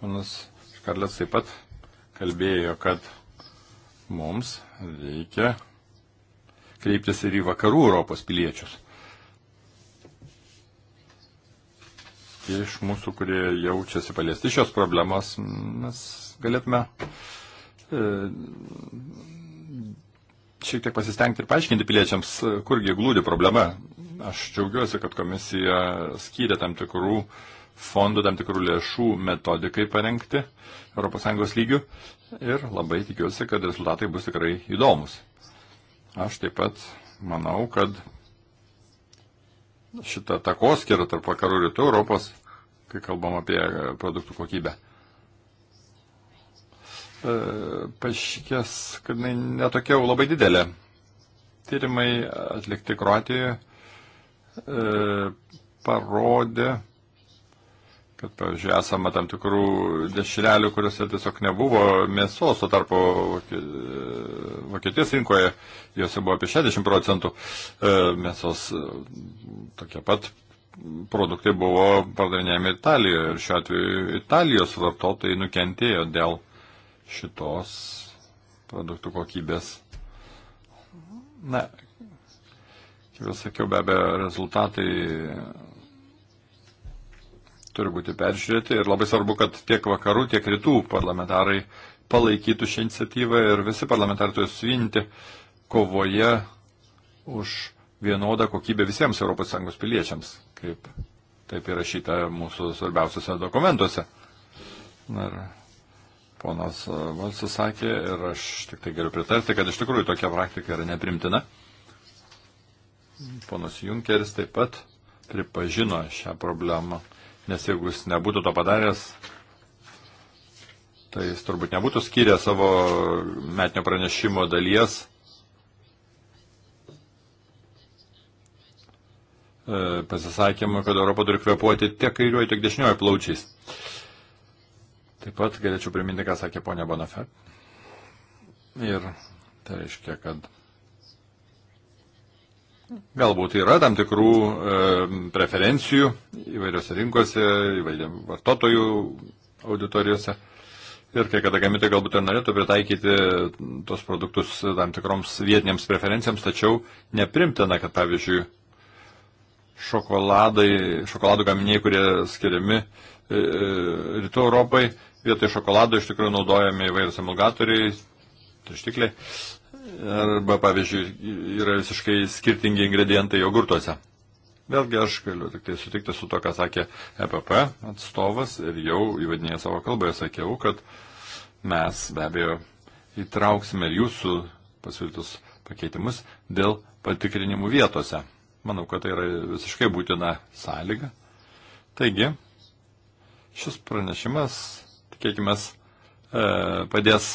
Ponas Škarlės taip pat kalbėjo, kad mums reikia kreiptis ir į vakarų Europos piliečius. tie iš mūsų, kurie jaučiasi paliesti šios problemos, mes galėtume e, šiek tiek pasistengti ir paaiškinti piliečiams, kurgi glūdi problema. Aš džiaugiuosi, kad komisija skyrė tam tikrų fondų, tam tikrų lėšų metodikai parengti ES lygių ir labai tikiuosi, kad rezultatai bus tikrai įdomus. Aš taip pat manau, kad šitą takoskirą tarp vakarų ir rytų Europos, kai kalbam apie e, produktų kokybę. E, paaiškės, kad jinai netokia labai didelė. Tyrimai atlikti Kroatijoje e, parodė, kad, pavyzdžiui, esama tam tikrų dešrelių, kuriuose tiesiog nebuvo mėsos, o tarpu Vokietijos rinkoje juose buvo apie 60 procentų e, mėsos. E, tokie pat produktai buvo pardavinėjami Italijoje ir šiuo atveju Italijos vartotojai nukentėjo dėl šitos produktų kokybės. Na, kaip jau sakiau, be abejo, rezultatai turi būti peržiūrėti ir labai svarbu, kad tiek vakarų, tiek rytų parlamentarai palaikytų šią iniciatyvą ir visi parlamentarai turi suvinti kovoje už vienodą kokybę visiems ES piliečiams, kaip taip įrašyta mūsų svarbiausiuose dokumentuose. Ir ponas Valsas sakė, ir aš tik tai galiu pritarti, kad iš tikrųjų tokia praktika yra neprimtina. Ponas Junkeris taip pat pripažino šią problemą nes jeigu jis nebūtų to padaręs, tai jis turbūt nebūtų skyrę savo metinio pranešimo dalies e, pasisakymą, kad Europą turi kvepuoti tiek kairiuoju, tiek dešiniuoju plaučiais. Taip pat galėčiau priminti, ką sakė ponia Bonafet. Ir tai reiškia, kad Galbūt yra tam tikrų e, preferencijų įvairiose rinkose, įvairiam vartotojų auditorijose. Ir kai kada gamintojai galbūt ir norėtų pritaikyti tos produktus tam tikroms vietiniams preferencijams, tačiau neprimtina, kad pavyzdžiui šokoladai, šokoladų gaminiai, kurie skiriami e, e rytų Europai, vietoj šokolado iš tikrųjų naudojami įvairūs emulgatoriai, taštikliai. Arba, pavyzdžiui, yra visiškai skirtingi ingredientai jogurtuose. Vėlgi aš galiu tik tai sutikti su to, ką sakė EPP atstovas ir jau įvadinėje savo kalboje sakiau, kad mes be abejo įtrauksime ir jūsų pasiūlytus pakeitimus dėl patikrinimų vietose. Manau, kad tai yra visiškai būtina sąlyga. Taigi, šis pranešimas, tikėkime, padės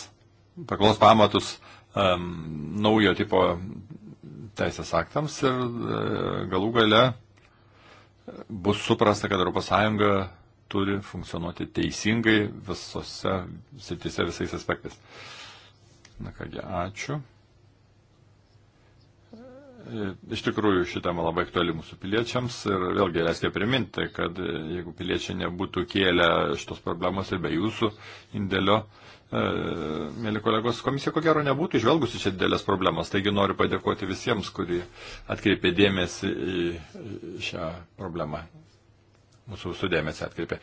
paklos pamatus um, naujo tipo teisės aktams ir e, galų gale e, bus suprasta, kad ES turi funkcionuoti teisingai visose srityse, visais aspektais. Na kągi, ačiū. E, iš tikrųjų, šitama labai aktuali mūsų piliečiams ir vėlgi reikia priminti, kad e, jeigu piliečiai nebūtų kėlę šitos problemos ir be jūsų indėlio, uh, E, mėly kolegos, komisija ko gero nebūtų išvelgusi čia didelės problemos. Taigi noriu padėkoti visiems, kurie atkreipė dėmesį į šią problemą. Mūsų sudėmesį atkreipė.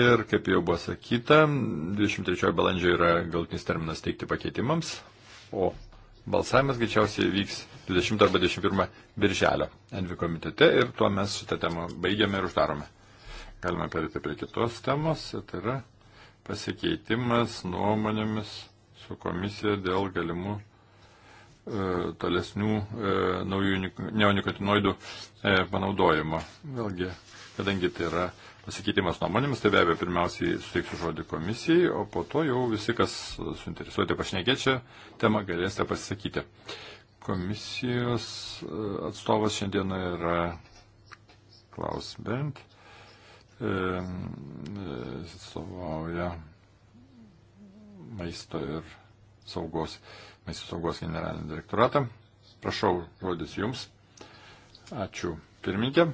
Ir kaip jau buvo sakyta, 23 balandžio yra galtinis terminas teikti pakeitimams, o balsavimas greičiausiai vyks 20 arba 21 birželio NV komitete ir tuo mes šitą temą baigiame ir uždarome. Galime perėti prie kitos temos. Tai yra pasikeitimas nuomonėmis su komisija dėl galimų e, tolesnių e, naujų neonikotinoidų e, panaudojimo. Vėlgi, kadangi tai yra pasikeitimas nuomonėmis, tai be abejo pirmiausiai suteiksiu žodį komisijai, o po to jau visi, kas suinteresuoti pašnekėčią temą, galėsite pasisakyti. Komisijos e, atstovas šiandieną yra Klaus Bent atstovauja maisto ir saugos, maisto saugos generalinį direktoratą. Prašau, žodis jums. Ačiū pirmininkė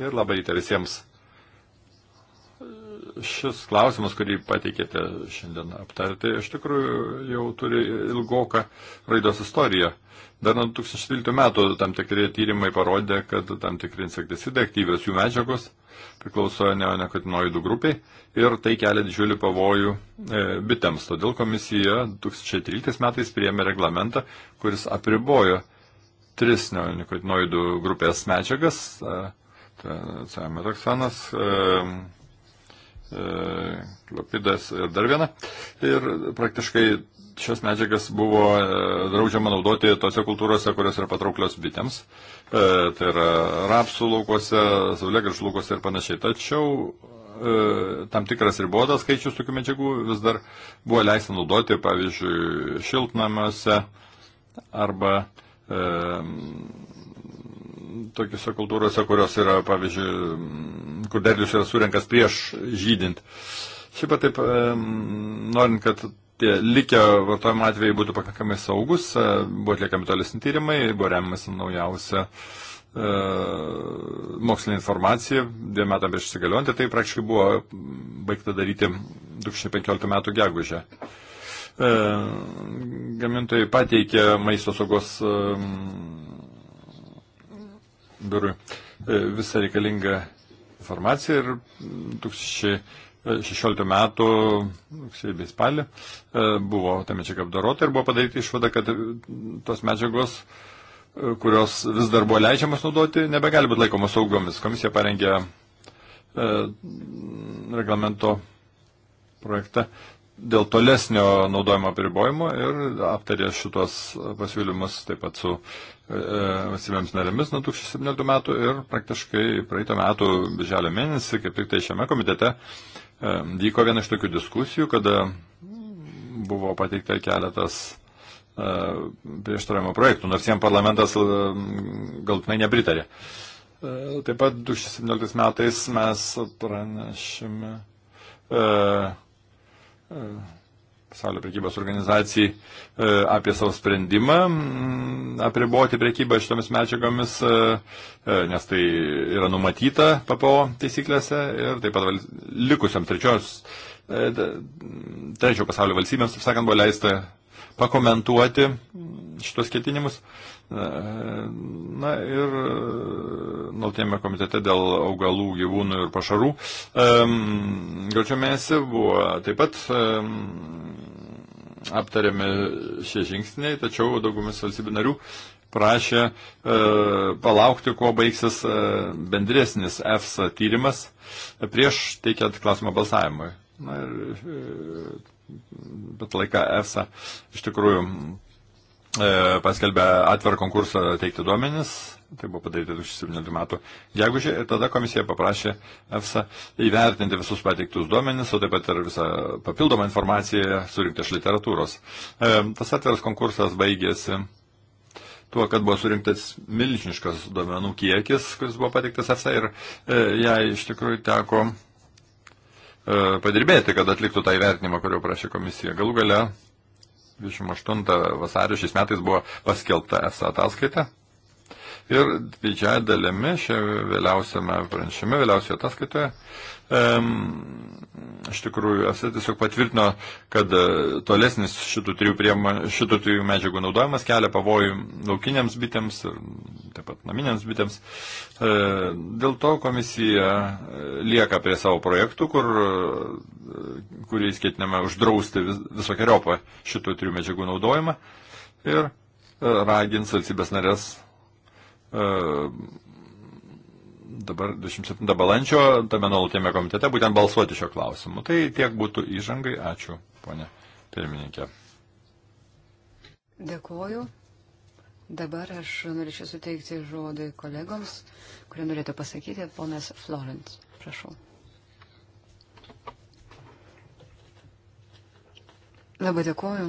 ir labai rytą visiems šis klausimas, kurį pateikėte šiandien aptarti, iš tikrųjų jau turi ilgoką raidos istoriją. Dar nuo 2012 metų tam tikri tyrimai parodė, kad tam tikri insekticidai, aktyvios jų medžiagos, priklauso neonekotinoidų grupiai ir tai kelia didžiulį pavojų e, bitėms. Todėl komisija 2013 metais priėmė reglamentą, kuris apribojo tris neonekotinoidų grupės medžiagas, e, CM toksanas, e, E, klopidas ir dar viena. Ir praktiškai šias medžiagas buvo e, draudžiama naudoti tose kultūrose, kurios yra patrauklios bitėms. E, tai yra rapsų laukose, saulėgražų laukose ir panašiai. Tačiau tam tikras ribotas skaičius tokių medžiagų vis dar buvo leista naudoti, pavyzdžiui, šiltnamiuose arba e, tokiuose kultūrose, kurios yra, pavyzdžiui, kur derlius yra surenkas prieš žydint. Šiaip taip, norint, kad tie likę vartojimo atvejai būtų pakankamai saugus, e, buvo atliekami tolesni tyrimai, buvo remiamasi naujausia e, mokslinė informacija, dviem metam prieš įsigaliuojant, tai praktiškai buvo baigta daryti 2015 metų gegužę. E, gamintojai pateikė maisto saugos e, biurui e, visą reikalingą informaciją ir 2016 mm, e, metų rugsėjai bei spalį e, buvo ta medžiaga apdorota ir buvo padaryti išvada, kad mm, tos medžiagos kurios vis dar buvo leidžiamas naudoti, nebegali būti laikomos saugomis. Komisija parengė e, mm, reglamento projektą dėl tolesnio naudojimo apribojimo ir aptarė šitos pasiūlymus taip pat su E, valstybėms narėmis nuo 2017 metų ir praktiškai praeitą metų birželio mėnesį, kaip tik tai šiame komitete, e, vyko viena iš tokių diskusijų, kada buvo pateikta keletas e, prieštaravimo projektų, nors jiems parlamentas galtinai nepritarė. Taip pat 2017 metais mes pranešime pasaulio prekybos organizacijai e, apie savo sprendimą apriboti prekybą šitomis medžiagomis, e, e, nes tai yra numatyta PPO taisyklėse ir taip pat likusiam trečios, trečio pasaulio valstybėms, taip sakant, buvo leista pakomentuoti šitos ketinimus. Na ir nuotėme komitete dėl augalų, gyvūnų ir pašarų. Um, Gaučio mėnesį buvo taip pat um, aptariami šie žingsniai, tačiau daugumis valstybių narių prašė e, palaukti, kuo baigsis e, bendresnis EFSA tyrimas prieš teikiant klausimą balsavimui. Na ir e, bet laiką EFSA iš tikrųjų e, paskelbė atvirą konkursą teikti duomenis tai buvo padaryta 2017 metų gegužė, ir tada komisija paprašė EFSA įvertinti visus pateiktus duomenis, o taip pat ir visą papildomą informaciją surinktą iš literatūros. E, tas atviras konkursas baigėsi tuo, kad buvo surinktas milžiniškas duomenų kiekis, kuris buvo pateiktas EFSA ir e, jai iš tikrųjų teko e, padirbėti, kad atliktų tą įvertinimą, kurio prašė komisija. Galų gale 28 vasario šiais metais buvo paskelbta EFSA ataskaita Ir didžiaja dalimi šią vėliausiame pranešime, vėliausioje ataskaitoje, iš tikrųjų, esate tiesiog patvirtino, kad e, tolesnis šitų trijų, priema, šitų trijų medžiagų naudojimas kelia pavojų laukiniams bitėms ir taip pat naminiams bitėms. E, dėl to komisija e, lieka prie savo projektų, kur, kuriais ketiname uždrausti vis, visokiojopą šitų trijų medžiagų naudojimą ir ragins valstybės narės E, dabar 27 balandžio tame nuolatėme komitete būtent balsuoti šio klausimu. Tai tiek būtų įžangai. Ačiū, ponė pirmininkė. Dėkuoju. Dabar aš norėčiau suteikti žodį kolegoms, kurie norėtų pasakyti, ponas Florence, prašau. Labai dėkuoju.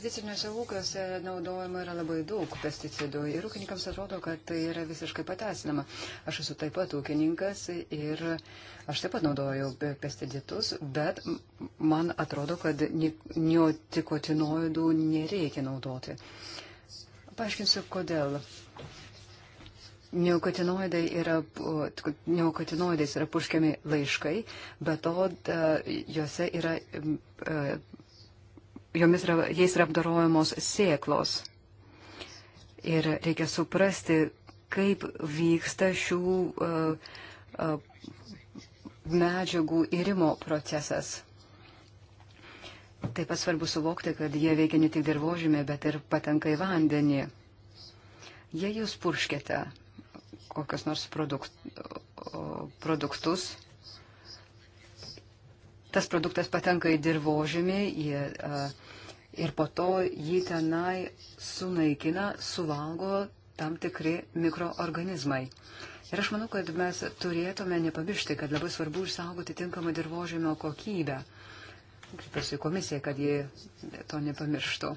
tradiciniuose ūkiuose naudojama yra labai daug pesticidų ir ūkininkams atrodo, kad tai yra visiškai pateisinama. Aš esu taip pat ūkininkas ir aš taip pat naudoju pesticidus, bet man atrodo, kad neotikotinoidų nereikia naudoti. Paaiškinsiu, kodėl. Neokotinoidai yra, neokotinoidais yra puškiami laiškai, bet to da, juose yra e, jomis yra, jais yra apdarojamos sėklos. Ir reikia suprasti, kaip vyksta šių uh, uh, medžiagų irimo procesas. Taip pat svarbu suvokti, kad jie veikia ne tik dirbožymė, bet ir patenka į vandenį. Jei jūs purškite kokius nors produkt, produktus, tas produktas patenka į dirbožymį į, e, ir po to jį tenai sunaikina, suvalgo tam tikri mikroorganizmai. Ir aš manau, kad mes turėtume nepamiršti, kad labai svarbu išsaugoti tinkamą dirbožėmio kokybę. Kreipiuosi į komisiją, kad jie to nepamirštų.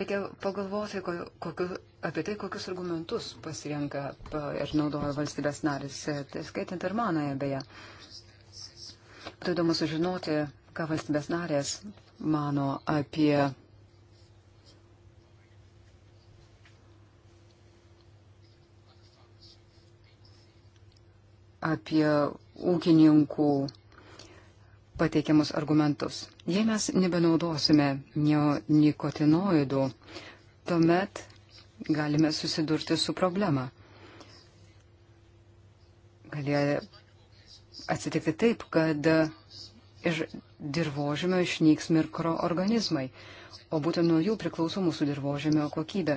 Reikia pagalvoti kokiu, apie tai, kokius argumentus pasirenka ir naudoja valstybės narys, e, tai skaitant ir manoje beje. Tai įdomu sužinoti, ką valstybės narės mano apie apie ūkininkų pateikiamus argumentus. Jei mes nebenaudosime neonikotinoidų, tuomet galime susidurti su problema. Galėjo atsitikti taip, kad iš dirbožėmio išnyks mikroorganizmai, o būtent nuo jų priklauso mūsų dirbožėmio kokybė.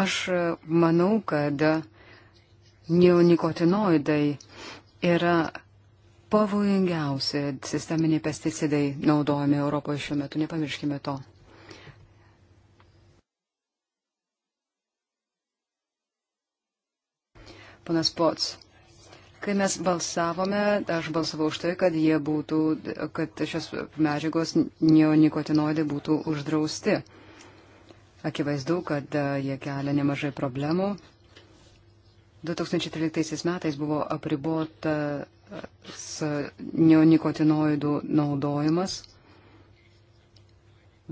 Aš manau, kad neonikotinoidai yra pavojingiausi sisteminiai pesticidai naudojami Europoje šiuo metu, nepamirškime to. Ponas Pots. Kai mes balsavome, aš balsavau už tai, kad, būtų, kad šios medžiagos neonikotinoidai būtų uždrausti. Akivaizdu, kad e, jie kelia nemažai problemų. 2013 metais buvo apribota neonikotinoidų naudojimas.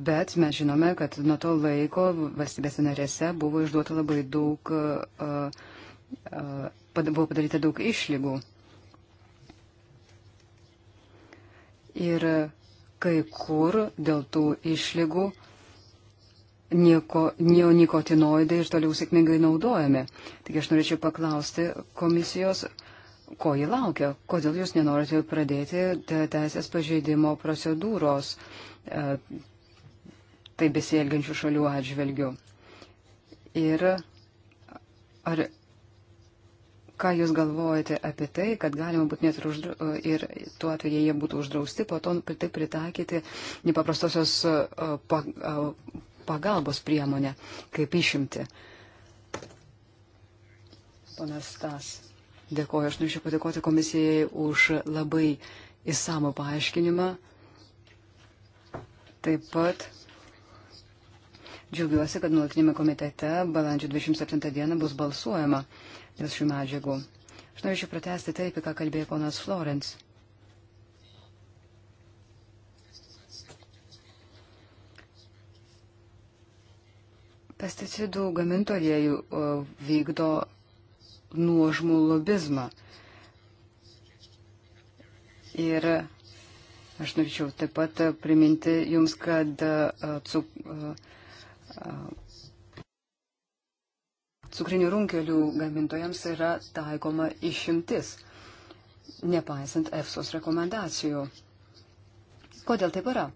Bet mes žinome, kad nuo to laiko valstybėse narėse buvo išduota labai daug, buvo padaryta daug išlygų. Ir kai kur dėl tų išlygų nieko, neonikotinoidai ir toliau sėkmingai naudojami. Taigi aš norėčiau paklausti komisijos, ko jį laukia, kodėl jūs nenorite pradėti teisės pažeidimo procedūros e, taip besielgiančių šalių atžvelgių. Ir ar, ką jūs galvojate apie tai, kad galima būtų net ir, uždra, ir tuo atveju jie būtų uždrausti, po to taip pritaikyti nepaprastosios e, e, pagalbos priemonę kaip išimti. Ponas Stas. Dėkoju, aš norėčiau padėkoti komisijai už labai įsamų paaiškinimą. Taip pat džiaugiuosi, kad nuolatinėme komitete balandžio 27 dieną bus balsuojama dėl šių medžiagų. Aš norėčiau pratesti taip, ką kalbėjo ponas Florence. Pesticidų gamintojai uh, vykdo nuožmų lobizmą. Ir aš norėčiau taip pat priminti jums, kad uh, cuk, uh, cukrinių runkelių gamintojams yra taikoma išimtis, nepaisant EFSOS rekomendacijų. Kodėl taip yra?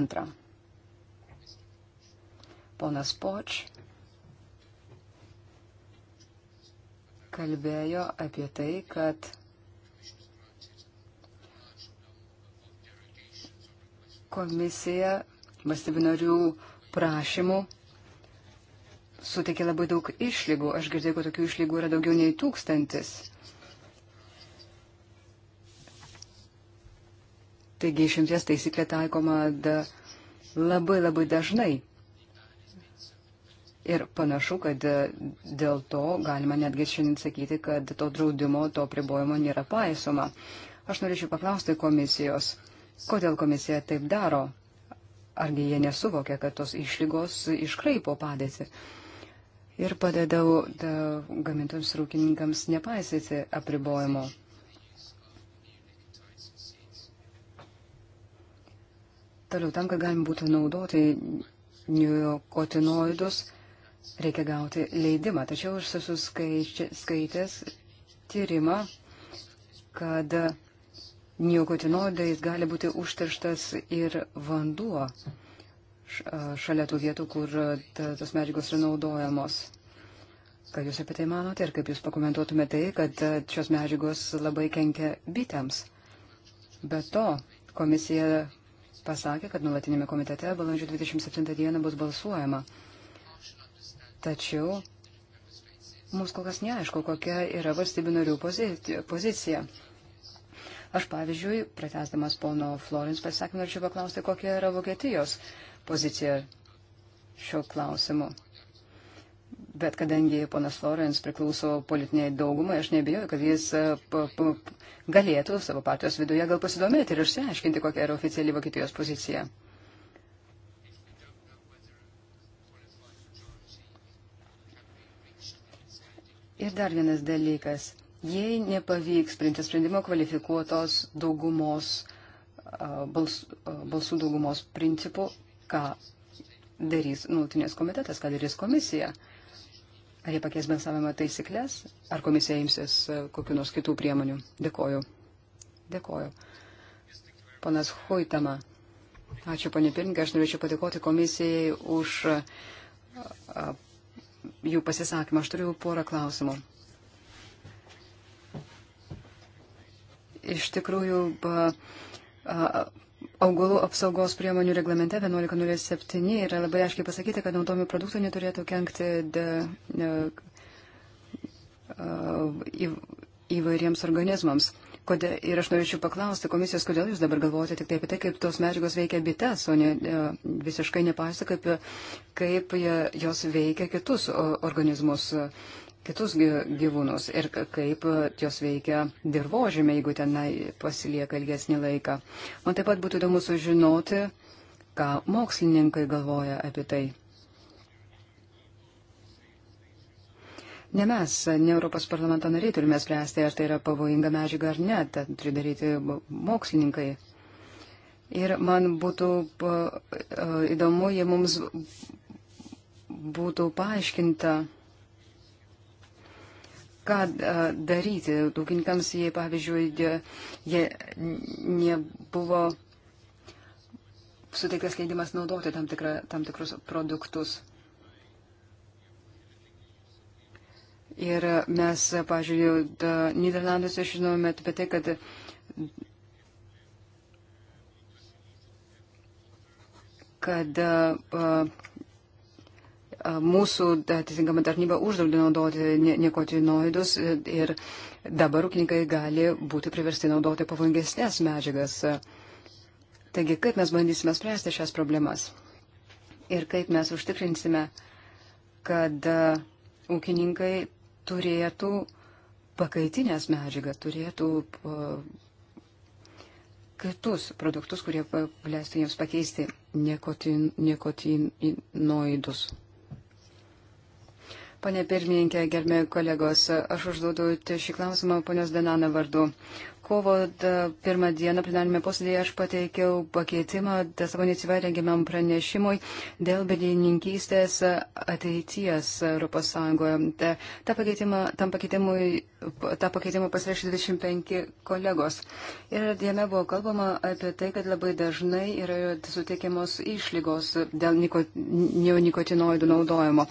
Antra. Ponas Poč kalbėjo apie tai, kad komisija valstybinarių prašymų suteikia labai daug išlygų. Aš girdėjau, kad tokių išlygų yra daugiau nei tūkstantis. Taigi išimties taisyklė taikoma da, labai labai dažnai. Ir panašu, kad e, dėl to galima netgi šiandien sakyti, kad to draudimo, to pribojimo nėra paisoma. Aš norėčiau paklausti komisijos, kodėl komisija taip daro? Argi jie nesuvokia, kad tos išlygos iškraipo padėti? Ir padedau gamintojams ir ūkininkams nepaisyti apribojimo. Toliau tam, kad galim būtų naudoti neokotinoidus, reikia gauti leidimą. Tačiau aš esu skaitęs tyrimą, kad neokotinoidais gali būti užterštas ir vanduo šalia tų vietų, kur tos medžiagos yra naudojamos. Ką Jūs apie tai manote ir kaip Jūs pakomentuotumėte tai, kad šios medžiagos labai kenkia bitėms? Be to, komisija pasakė, kad nulatinėme komitete balandžio 27 dieną bus balsuojama. Tačiau mums kol kas neaišku, kokia yra valstybių narių pozicija. Aš, pavyzdžiui, pratesdamas pono Florins pasakymą, norėčiau paklausti, kokia yra Vokietijos pozicija šio klausimu. Bet kadangi ponas Florence priklauso politiniai daugumai, aš nebijoju, kad jis e, p, p, galėtų savo partijos viduje gal pasidomėti ir išsiaiškinti, kokia yra oficiali Vokietijos pozicija. Ir dar vienas dalykas. Jei nepavyks priimti sprendimo kvalifikuotos daugumos, bals, balsų daugumos principų, ką darys nuolatinės komitetas, ką darys komisija, ar jie pakeis balsavimo taisyklės, ar komisija imsis kokiu nors kitų priemonių. Dėkoju. Dėkoju. Ponas Huitama. Ačiū, panė Pirinkė. Aš norėčiau padėkoti komisijai už jų pasisakymą. Aš turiu porą klausimų. Iš tikrųjų, augalų apsaugos priemonių reglamente 1107 yra labai aiškiai pasakyti, kad naudomi produktai neturėtų kenkti de, de, de, įvairiems organizmams. Kodėl, ir aš norėčiau paklausti komisijos, kodėl jūs dabar galvojate tik tai apie tai, kaip tos medžiagos veikia bites, o ne e, visiškai nepasakė, kaip, kaip jos veikia kitus organizmus, kitus gyvūnus ir kaip jos veikia dirbožėme, jeigu tenai pasilieka ilgesnį laiką. Man taip pat būtų įdomu sužinoti, ką mokslininkai galvoja apie tai. Ne mes, ne Europos parlamento nariai turime spręsti, ar tai yra pavojinga medžiaga ar ne, tą turi daryti mokslininkai. Ir man būtų e, įdomu, jei mums būtų paaiškinta, ką e, daryti ūkininkams, jei, pavyzdžiui, jie nebuvo suteiktas leidimas naudoti tam, tikrą, tam tikrus produktus. Ir mes, pažiūrėjau, Niderlanduose žinome apie tai, kad kad mūsų atitinkama tarnyba uždraudė naudoti nikotinoidus ir dabar ūkininkai gali būti priversti naudoti pavojingesnės medžiagas. Taigi, kaip mes bandysime spręsti šias problemas ir kaip mes užtikrinsime, kad ūkininkai turėtų pakaitinės medžiagas, turėtų uh, kitus produktus, kurie leistų jiems pakeisti nikotin, nikotinoidus. Pane pirmininkė, gerbė kolegos, aš užduodu šį klausimą ponios Denana vardu. Kovo pirmą dieną plenarinėme posėdėje aš pateikiau pakeitimą savo iniciatyvą rengiamam pranešimui dėl bedininkystės ateities ES. Ta, ta pakeitima, tam pakeitimui, tą pakeitimą pasirašė 25 kolegos. Ir jame buvo kalbama apie tai, kad labai dažnai yra suteikiamos išlygos dėl neonikotinoidų naudojimo.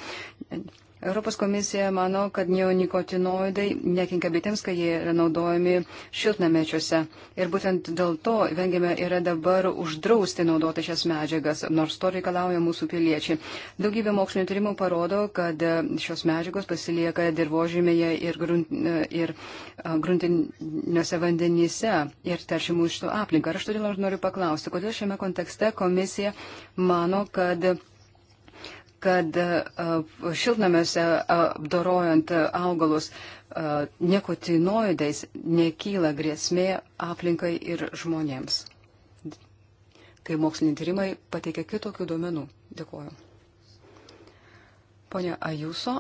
Europos komisija mano, kad neonikotinoidai nekinka bitėms, kai jie yra naudojami šiltnamečiuose. Ir būtent dėl to vengiame yra dabar uždrausti naudoti šias medžiagas, nors to reikalauja mūsų piliečiai. Daugybė mokslinio tyrimų parodo, kad šios medžiagos pasilieka dirbožymėje ir, grunt, ir gruntiniuose vandenyse ir teršimų iš to aplinką. Ir aš todėl aš noriu paklausti, kodėl šiame kontekste komisija mano, kad kad e, e, šiltnamiuose e, apdorojant augalus nikotinoidais nekyla grėsmė aplinkai ir žmonėms, kai moksliniai tyrimai pateikia kitokių duomenų. Dėkuoju. Pone Ajuso.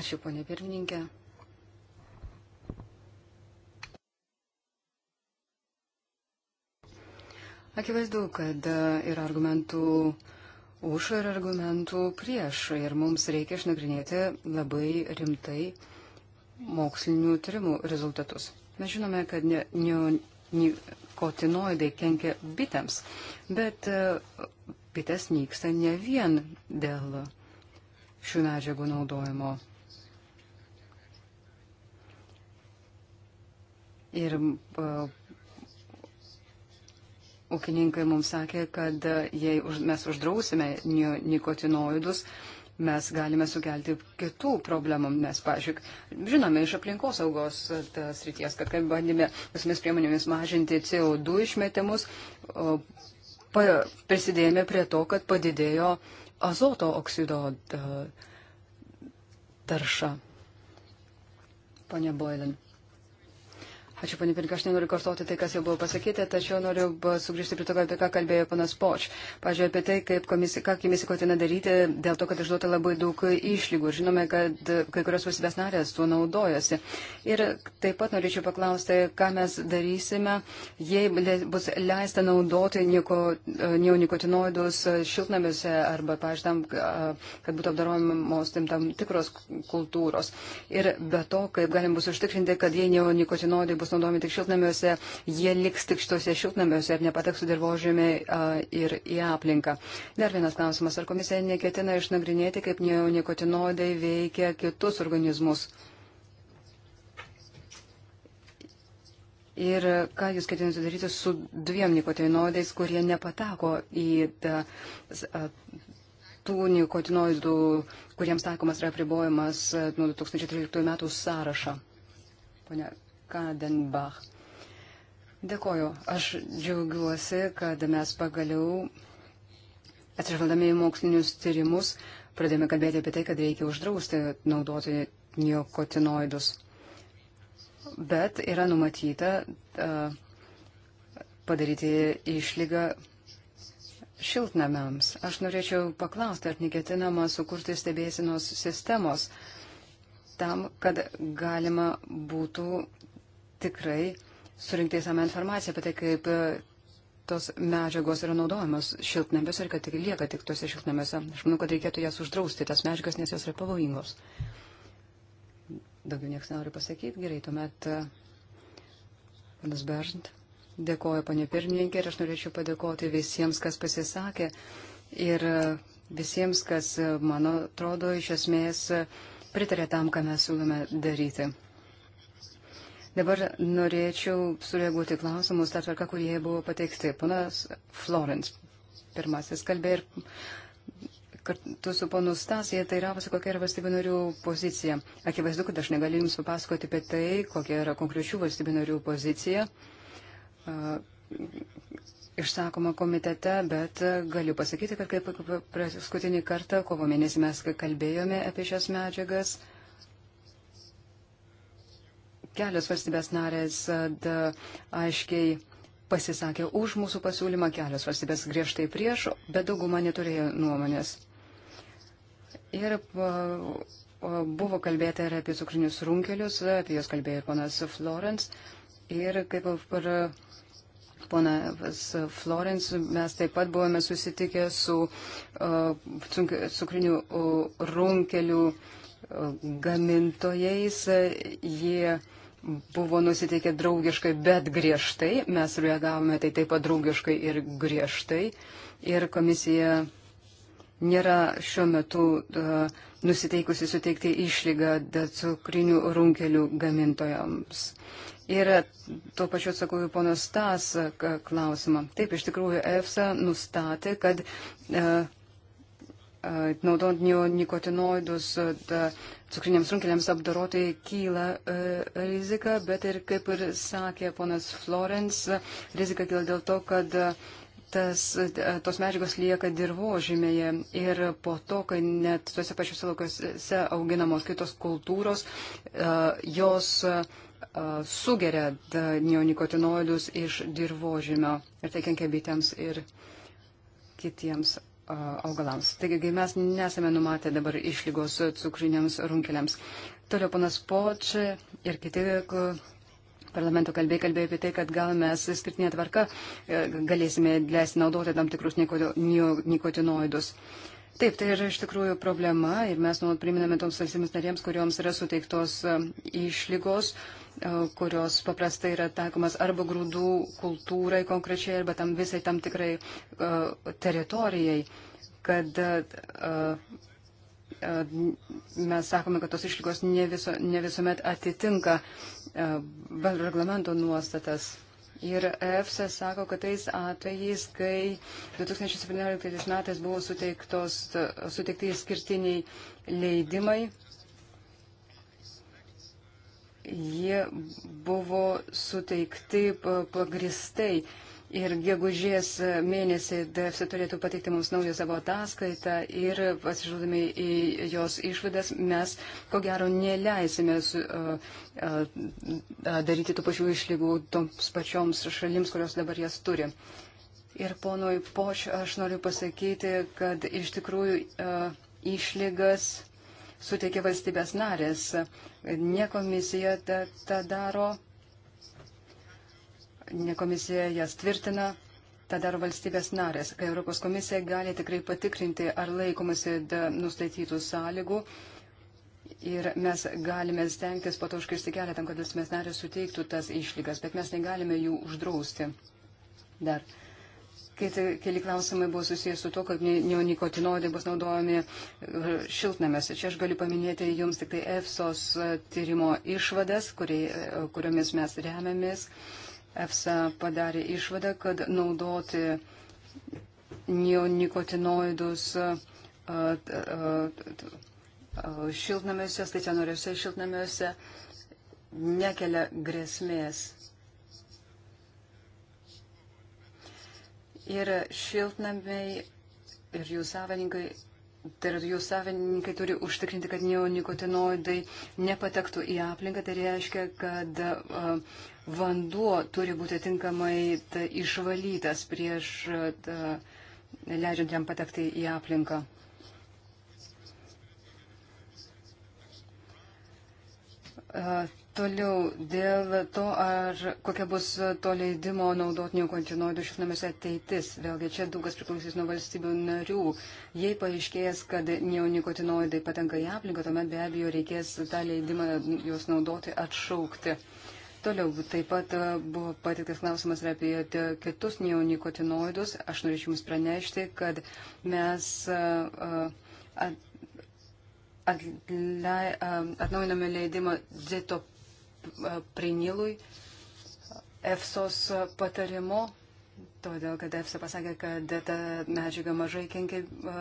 Ačiū, ponė pirmininkė. Akivaizdu, kad e, yra argumentų už ir argumentų prieš ir mums reikia išnagrinėti labai rimtai mokslinių tyrimų rezultatus. Mes žinome, kad ne, ne, nikotinoidai kenkia bitėms, bet e, bitės nyksta ne vien dėl šių medžiagų naudojimo. Ir e, Ūkininkai mums sakė, kad e, jei mes uždrausime nikotinoidus, mes galime sukelti kitų problemų. Mes, pažiūrėk, žinome iš aplinkos saugos e, srities, kad kai bandėme visomis priemonėmis mažinti CO2 išmetimus, pa, prisidėjome prie to, kad padidėjo azoto oksido e, tarša. Pone Boilin. Ačiū, panė Pirka, aš nenoriu kartoti tai, kas jau buvo pasakyta, tačiau noriu sugrįžti prie to, apie ką kalbėjo panas Poč. Pavyzdžiui, apie tai, kaip komisija, ką komisija kotina daryti, dėl to, kad išduota labai daug išlygų. Žinome, kad kai kurios valstybės narės tuo naudojasi. Ir taip pat norėčiau paklausti, ką mes darysime, jei bus leista naudoti niko, neonikotinoidus šiltnamiuose arba, pavyzdžiui, tam, kad būtų apdaromos tam, tam tikros kultūros. Ir be to, kaip galim bus užtikrinti, kad jei neonikotinoidai bus bus naudojami tik šiltnamiuose, jie liks tik šitose šiltnamiuose ir nepateks su dirbožėmi ir į aplinką. Dar vienas klausimas. Ar komisija neketina išnagrinėti, kaip neonikotinoidai veikia kitus organizmus? Ir ką jūs ketinate daryti su dviem nikotinoidais, kurie nepatako į tą, tų nikotinoidų, kuriems taikomas yra apribojimas nuo 2013 metų sąrašą? Pone Kadenbach. Dėkoju. Aš džiaugiuosi, kad mes pagaliau, atsižvaldami į mokslinius tyrimus, pradėjome kalbėti apie tai, kad reikia uždrausti naudoti neokotinoidus. Bet yra numatyta uh, padaryti išlygą šiltnamiams. Aš norėčiau paklausti, ar neketinama sukurti stebėsinos sistemos tam, kad galima būtų tikrai surinkti įsame informaciją apie tai, kaip e, tos medžiagos yra naudojamos šiltnamiuose ir kad tik lieka tik tuose šiltnamiuose. Aš manau, kad reikėtų jas uždrausti, tas medžiagas, nes jos yra pavojingos. Daugiau niekas nenori pasakyti. Gerai, tuomet panas e, Beržant. Dėkoju, panė pirmininkė, ir aš norėčiau padėkoti visiems, kas pasisakė ir e, visiems, kas, man atrodo, iš esmės pritarė tam, ką mes siūlome daryti. Dabar norėčiau sureaguoti klausimus tą tvarką, kurie buvo pateikti. Ponas Florence pirmasis kalbė ir kartu su ponu Stasija teiravosi, kokia yra valstybių narių pozicija. Akivaizdu, kad aš negaliu Jums papasakoti apie tai, kokia yra konkrečių valstybių narių pozicija. Išsakoma komitete, bet galiu pasakyti, kad kaip paskutinį kartą kovo mėnesį mes kalbėjome apie šias medžiagas. Uh, kelios valstybės narės da, e, aiškiai pasisakė už mūsų pasiūlymą, kelios valstybės griežtai prieš, bet dauguma neturėjo nuomonės. Ir e, buvo kalbėta ir apie cukrinius runkelius, apie juos kalbėjo ir ponas Florence. Ir kaip ir ponas Florence, mes taip pat buvome susitikę su e, cukrinių runkelių gamintojais. Jie buvo nusiteikę draugiškai, bet griežtai. Mes reagavome tai taip pat draugiškai ir griežtai. Ir komisija nėra šiuo metu uh, nusiteikusi suteikti išlygą cukrinių runkelių gamintojams. Ir tuo pačiu atsakau į pono Stas e, klausimą. Taip, iš tikrųjų, EFSA nustatė, kad uh, naudojant neonikotinoidus cukriniams runkeliams apdoroti kyla rizika, bet ir kaip ir sakė ponas Florence, rizika kyla dėl to, kad tas, tos medžiagos lieka dirbožymėje ir po to, kai net tuose pačiuose laukose auginamos kitos kultūros, jos sugeria neonikotinoidus iš dirbožymio ir tai kenkia bitėms ir kitiems augalams. Taigi mes nesame numatę dabar išlygos cukriniams runkeliams. Toliau panas Poče ir kiti parlamento kalbėjai kalbėjo apie tai, kad gal mes skirtinė tvarka e, galėsime leisti naudoti tam tikrus nikotinoidus. Taip, tai yra iš tikrųjų problema ir mes nuolat priminame toms valstybėms narėms, kuriuoms yra suteiktos e, išlygos. Uh, E, kurios paprastai yra taikomas arba grūdų kultūrai konkrečiai, arba tam visai tam tikrai e, teritorijai, kad e, mes sakome, kad tos išlygos ne, viso, ne visuomet atitinka reglamento nuostatas. Ir EFSA sako, kad tais atvejais, kai 2017 metais buvo suteiktos, suteikti skirtiniai leidimai, jie buvo suteikti pagristai. Ir gegužės mėnesį DFC turėtų pateikti mums naują savo ataskaitą ir pasižiūrėdami į jos išvadas mes ko gero neleisime su, a, a, daryti tų pačių išlygų toms pačioms šalims, kurios dabar jas turi. Ir ponui Poš aš noriu pasakyti, kad iš tikrųjų a, išlygas suteikia valstybės narės. Ne komisija tą daro, ne komisija jas tvirtina, tą daro valstybės narės. Kai Europos komisija gali tikrai patikrinti, ar laikomasi nustatytų sąlygų. Ir mes galime stengtis po to užkirsti kelią tam, kad valstybės narės suteiktų tas išlygas, bet mes negalime jų uždrausti. Dar Tai keli klausimai buvo susijęs su to, kad neonikotinoidai bus naudojami e, šiltnamėse. Čia aš galiu paminėti jums tik tai EFSOS e, tyrimo išvadas, kurie, kuriomis mes remiamės. EFSA padarė išvadą, kad naudoti neonikotinoidus e, šiltnamiuose, stacionariuose šiltnamiuose nekelia grėsmės ir šiltnamiai ir jų savininkai. Tai yra jų savininkai turi užtikrinti, kad neonikotinoidai nepatektų į aplinką. Tai reiškia, kad vanduo turi būti tinkamai ta, išvalytas prieš ta, leidžiant jam patekti į aplinką. Toliau, dėl to, ar kokia bus to leidimo naudotinių kontinoidų šiltnamėse ateitis, vėlgi čia daugas priklausys nuo valstybių narių. Jei paaiškės, kad neonikotinoidai patenka į aplinką, tuomet be abejo reikės tą leidimą juos naudoti atšaukti. Toliau, taip pat e, buvo patiktas klausimas ir apie kitus neonikotinoidus. Aš norėčiau Jums pranešti, kad mes. Uh, at, atlei, atnaujiname leidimą ZETOP Prinilui EFSOS patarimu, todėl kad EFSA pasakė, kad ta medžiaga mažai kenkia e,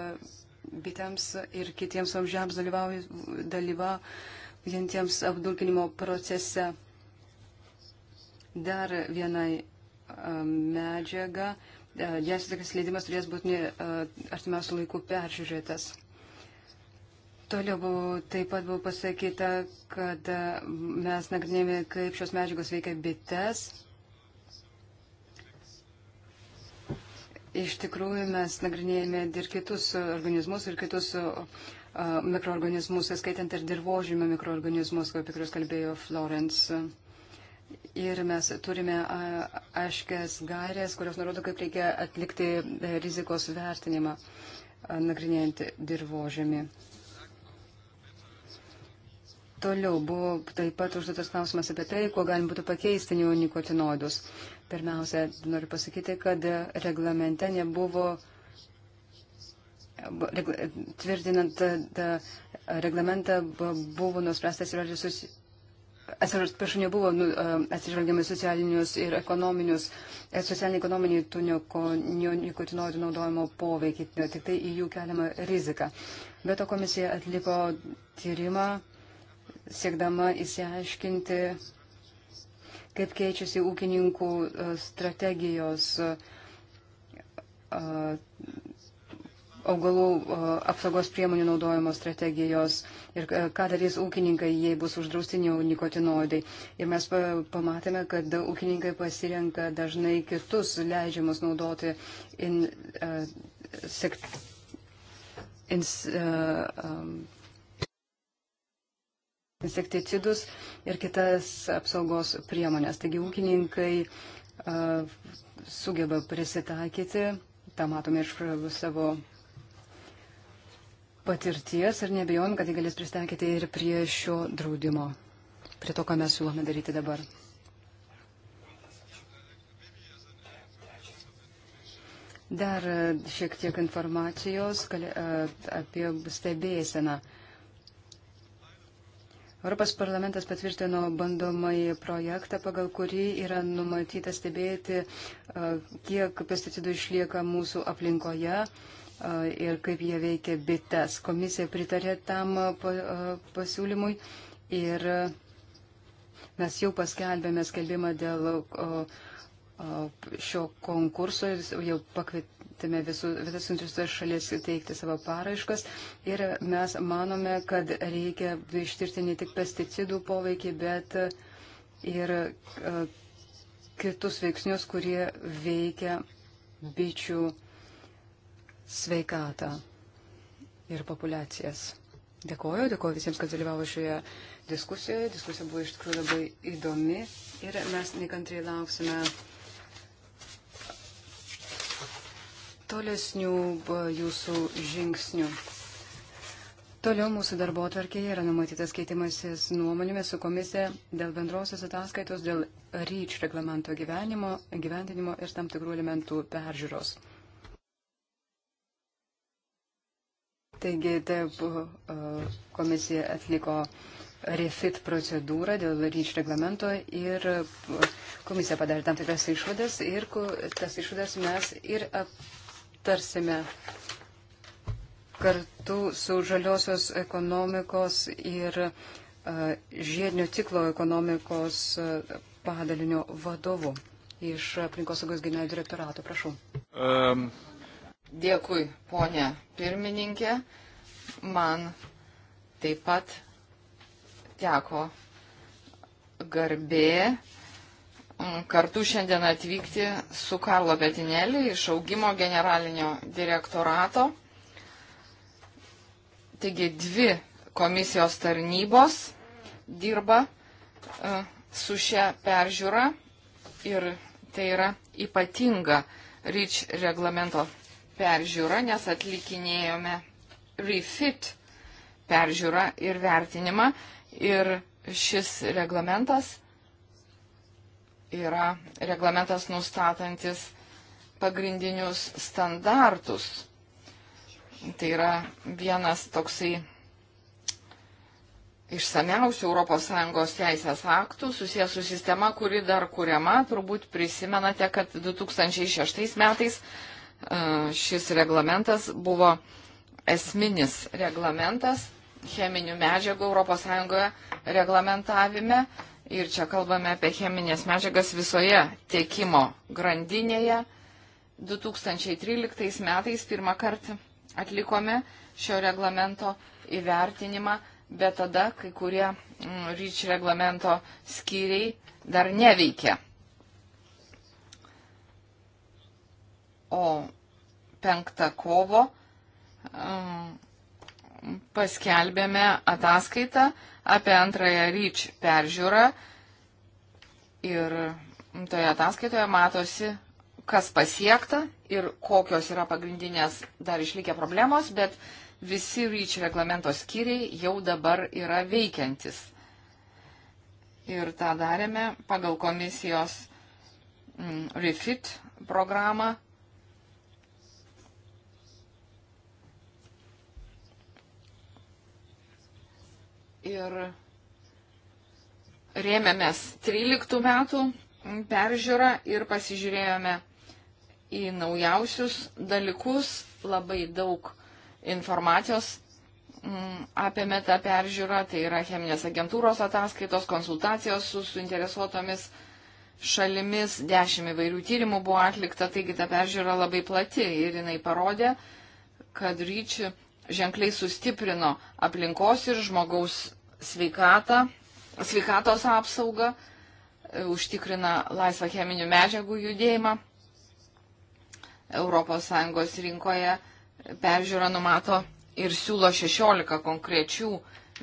bitėms ir kitiems vamžiams dalyvaujantiems apdulkinimo procese. Dar vienai e, medžiaga, e, jas tokias leidimas turės būti artimiausių laikų peržiūrėtas. Toliau buvo, taip pat buvo pasakyta, kad e, mes nagrinėjame, kaip šios medžiagos veikia bites. Iš tikrųjų, mes nagrinėjame ir kitus organizmus, ir kitus uh, mikroorganizmus, skaitant ir dirbožymio mikroorganizmus, apie kuriuos kalbėjo Florence. Ir mes turime aiškės gairės, kurios nurodo, kaip reikia atlikti e, rizikos vertinimą, nagrinėjant dirbožymį. Toliau buvo taip pat užduotas klausimas apie tai, kuo galim būtų pakeisti neonikotinoidus. Pirmiausia, noriu pasakyti, kad reglamente nebuvo tvirtinant reglamentą buvo nuspręstas ir atsiprašau, nebuvo nu, atsižvelgiami socialinius ir ekonominius, e, socialinį ekonominį tų nikotinoidų naudojimo poveikį, tik tai į jų keliamą riziką. Be to komisija atliko tyrimą siekdama įsiaiškinti, kaip keičiasi ūkininkų e, strategijos e, augalų e, apsaugos priemonių naudojimo strategijos ir ką darys ūkininkai, jei bus uždrausti nikotinoidai. Ir mes pamatėme, kad ūkininkai pasirenka dažnai kitus leidžiamus naudoti in, uh, sekt, in, uh, um, insekticidus ir kitas apsaugos priemonės. Taigi ūkininkai a, sugeba prisitaikyti, tą matome iš savo patirties ir nebejom, kad jie galės pristaikyti ir prie šio draudimo, prie to, ką mes siūlome daryti dabar. Dar e, šiek tiek informacijos apie stebėseną. Europos parlamentas patvirtino bandomąjį projektą, pagal kurį yra numatyta stebėti, kiek pesticidų išlieka mūsų aplinkoje ir kaip jie veikia bites. Komisija pritarė tam pasiūlymui ir mes jau paskelbėme skelbimą dėl šio konkurso ir jau pakvit, kvietėme visus, visas interesuotas šalis teikti savo paraiškas ir mes manome, kad reikia ištirti ne tik pesticidų poveikį, bet ir uh, kitus veiksnius, kurie veikia bičių sveikatą ir populiacijas. Dėkoju, dėkoju visiems, kad dalyvavo šioje diskusijoje. Diskusija buvo iš tikrųjų labai įdomi ir mes nekantriai lauksime. tolesnių jūsų žingsnių. Toliau mūsų darbo atvarkėje yra numatytas keitimasis nuomonėmis su komisija dėl bendrosios ataskaitos dėl ryč reglamento gyvenimo, gyventinimo ir tam tikrų elementų peržiūros. Taigi, taip, uh, komisija atliko refit procedūrą dėl ryč reglamento ir uh, komisija padarė tam tikras išvadas ir tas išvadas mes ir aptarsime kartu su žaliosios ekonomikos ir e, žiedinio ciklo ekonomikos e, padalinio vadovu iš aplinkosaugos generalinio direktorato. Prašau. Um. Dėkui, ponė pirmininkė. Man taip pat teko garbė kartu šiandien atvykti su Karlo Betinėlį iš augimo generalinio direktorato. Taigi dvi komisijos tarnybos dirba e, su šia peržiūra ir tai yra ypatinga ryč reglamento peržiūra, nes atlikinėjome refit peržiūrą ir vertinimą ir šis reglamentas yra reglamentas nustatantis pagrindinius standartus. Tai yra vienas toksai išsameusių ES teisės aktų susijęs su sistema, kuri dar kuriama. Turbūt prisimenate, kad 2006 metais e, šis reglamentas buvo esminis reglamentas cheminių medžiagų ES reglamentavime. Ir čia kalbame apie cheminės medžiagas visoje tiekimo grandinėje. 2013 metais pirmą kartą atlikome šio reglamento įvertinimą, bet tada kai kurie mm, ryč reglamento skyriai dar neveikia. O 5 kovo mm, paskelbėme ataskaitą apie antrąją ryč peržiūrą ir toje ataskaitoje matosi, kas pasiekta ir kokios yra pagrindinės dar išlikę problemos, bet visi ryč reglamento skyriai jau dabar yra veikiantis. Ir tą darėme pagal komisijos mm, refit programą, ir rėmėmės 13 metų peržiūrą ir pasižiūrėjome į naujausius dalykus, labai daug informacijos mm, apėmė tą peržiūrą, tai yra cheminės agentūros ataskaitos, konsultacijos su suinteresuotomis šalimis, dešimt įvairių tyrimų buvo atlikta, taigi ta peržiūra labai plati ir jinai parodė, kad ryčių ženkliai sustiprino aplinkos ir žmogaus sveikatą, sveikatos apsaugą, e, užtikrina laisvą cheminių medžiagų judėjimą. ES rinkoje peržiūra numato ir siūlo 16 konkrečių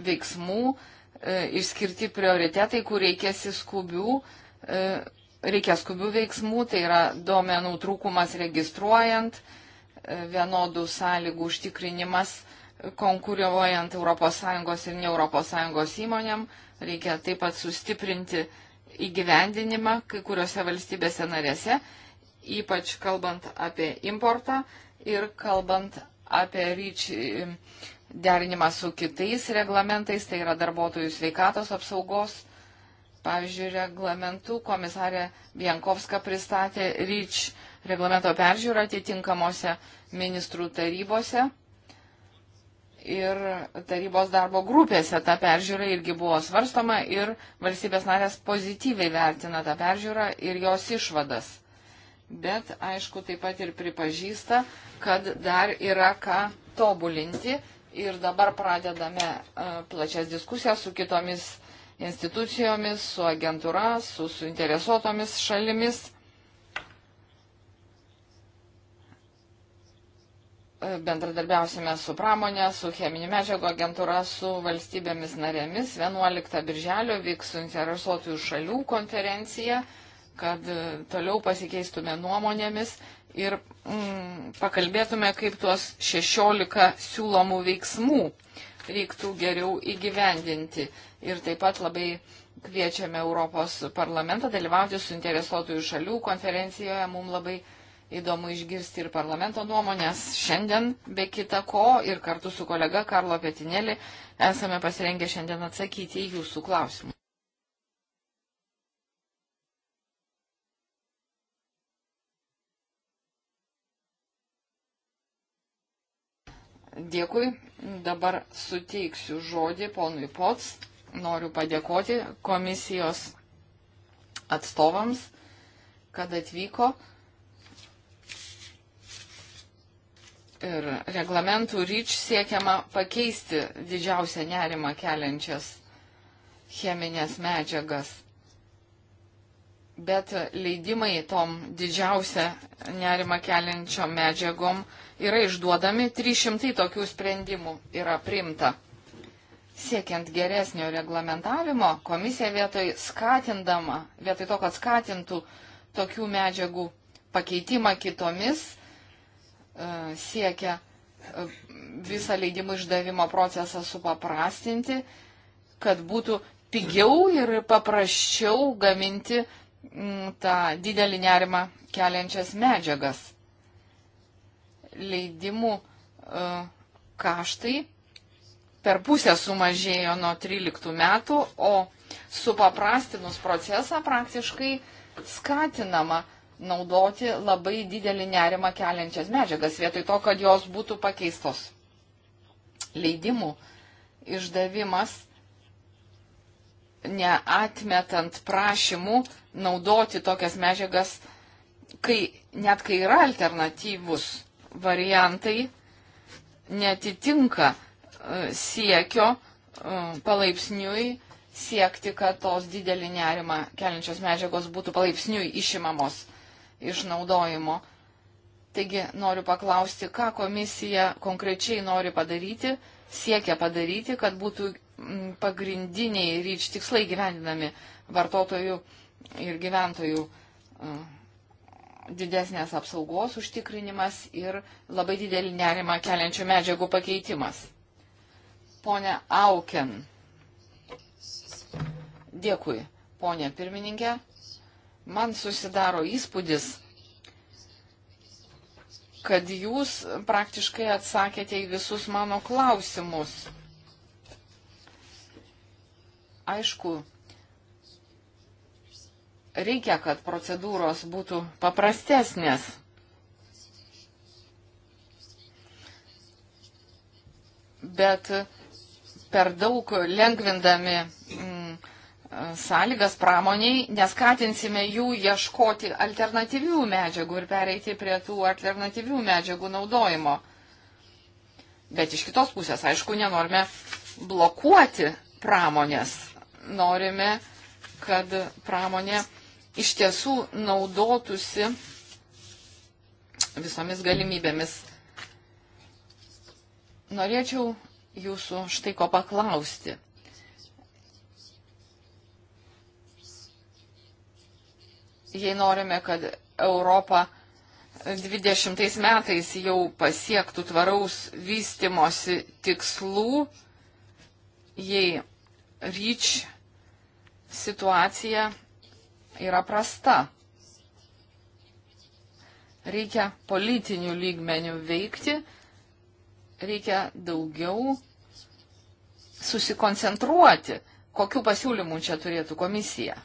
veiksmų, e, išskirti prioritetai, kur reikės skubių, e, reikia skubių veiksmų, tai yra duomenų trūkumas registruojant, vienodų sąlygų užtikrinimas konkuruojant ES ir ne ES įmonėm. Reikia taip pat sustiprinti įgyvendinimą kai kuriuose valstybėse narėse, ypač kalbant apie importą ir kalbant apie ryč derinimą su kitais reglamentais, tai yra darbuotojų sveikatos apsaugos. Pavyzdžiui, reglamentų komisarė Bienkovska pristatė ryč reglamento peržiūrą atitinkamuose ministrų tarybose ir tarybos darbo grupėse ta peržiūra irgi buvo svarstoma ir valstybės narės pozityviai vertina tą peržiūrą ir jos išvadas. Bet aišku, taip pat ir pripažįsta, kad dar yra ką tobulinti ir dabar pradedame e, plačias diskusijas su kitomis institucijomis, su agentūra, su suinteresuotomis šalimis bendradarbiausime su pramonė, su cheminių medžiagų agentūra, su valstybėmis narėmis. 11 birželio vyks suinteresuotųjų šalių konferencija, kad e, toliau pasikeistume nuomonėmis ir mm, pakalbėtume, kaip tuos 16 siūlomų veiksmų reiktų geriau įgyvendinti. Ir taip pat labai kviečiame Europos parlamentą dalyvauti suinteresuotųjų šalių konferencijoje. Mums labai svarbu įdomu išgirsti ir parlamento nuomonės šiandien, be kita ko, ir kartu su kolega Karlo Petinėlį esame pasirengę šiandien atsakyti į jūsų klausimų. Dėkui, dabar suteiksiu žodį ponui Pots. Noriu padėkoti komisijos atstovams, kad atvyko. ir reglamentų ryč siekiama pakeisti didžiausią nerimą keliančias cheminės medžiagas. Bet leidimai tom didžiausią nerimą keliančiom medžiagom yra išduodami, 300 tokių sprendimų yra primta. Siekiant geresnio reglamentavimo, komisija vietoj skatindama, vietoj to, kad skatintų tokių medžiagų pakeitimą kitomis, siekia e, visą leidimų išdavimo procesą supaprastinti, kad būtų pigiau ir paprasčiau gaminti mm, tą didelį nerimą keliančias medžiagas. Leidimų e, kaštai per pusę sumažėjo nuo 13 metų, o supaprastinus procesą praktiškai skatinama uh, naudoti labai didelį nerimą keliančias medžiagas, vietoj to, kad jos būtų pakeistos. Leidimų išdavimas, neatmetant prašymų naudoti tokias medžiagas, kai, net kai yra alternatyvus variantai, netitinka e, siekio e, palaipsniui siekti, kad tos didelį nerimą keliančios medžiagos būtų palaipsniui išimamos išnaudojimo. Taigi noriu paklausti, ką komisija konkrečiai nori padaryti, siekia padaryti, kad būtų mm, pagrindiniai ryč tikslai gyvendinami vartotojų ir gyventojų e, didesnės apsaugos užtikrinimas ir labai didelį nerimą keliančių medžiagų pakeitimas. Pone Auken. Dėkui, ponė pirmininkė man susidaro įspūdis, kad jūs praktiškai atsakėte į visus mano klausimus. Aišku, reikia, kad procedūros būtų paprastesnės. Bet per daug lengvindami mm, sąlygas pramoniai, neskatinsime jų ieškoti alternatyvių medžiagų ir pereiti prie tų alternatyvių medžiagų naudojimo. Bet iš kitos pusės, aišku, nenorime blokuoti pramonės. Norime, kad pramonė iš tiesų naudotųsi visomis galimybėmis. Norėčiau jūsų štai ko paklausti jei norime, kad Europa 20 metais jau pasiektų tvaraus vystimosi tikslų, jei ryč situacija yra prasta. Reikia politinių lygmenių veikti, reikia daugiau susikoncentruoti, kokiu pasiūlymu čia turėtų komisija.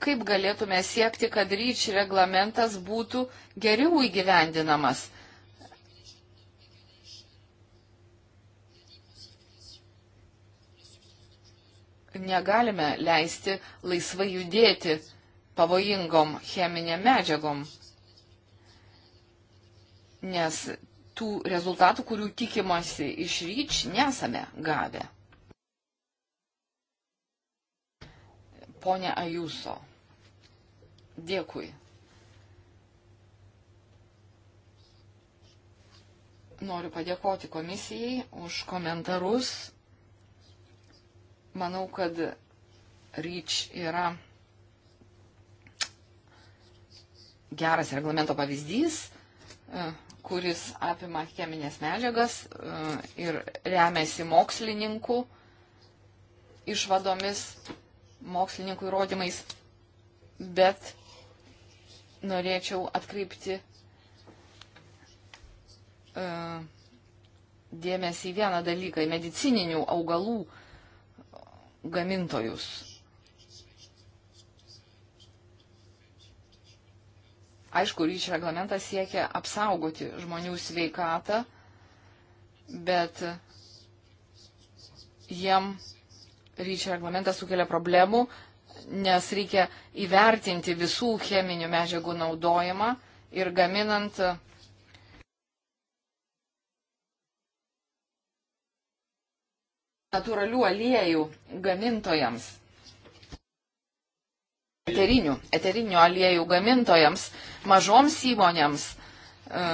kaip galėtume siekti, kad ryč reglamentas būtų geriau įgyvendinamas. Negalime leisti laisvai judėti pavojingom cheminėm medžiagom, nes tų rezultatų, kurių tikimasi iš ryč, nesame gavę. Pone Ajuso. Dėkui. Noriu padėkoti komisijai už komentarus. Manau, kad REACH yra geras reglamento pavyzdys, e, kuris apima cheminės medžiagas e, ir remiasi mokslininkų išvadomis, mokslininkų įrodymais, bet norėčiau atkreipti uh, dėmesį į vieną dalyką - medicininių augalų gamintojus. Aišku, ryšio reglamentas siekia apsaugoti žmonių sveikatą, bet jiem ryšio reglamentas sukelia problemų, nes reikia įvertinti visų cheminių medžiagų naudojimą ir gaminant natūralių aliejų gamintojams, eterinių, eterinių aliejų gamintojams, mažoms įmonėms e,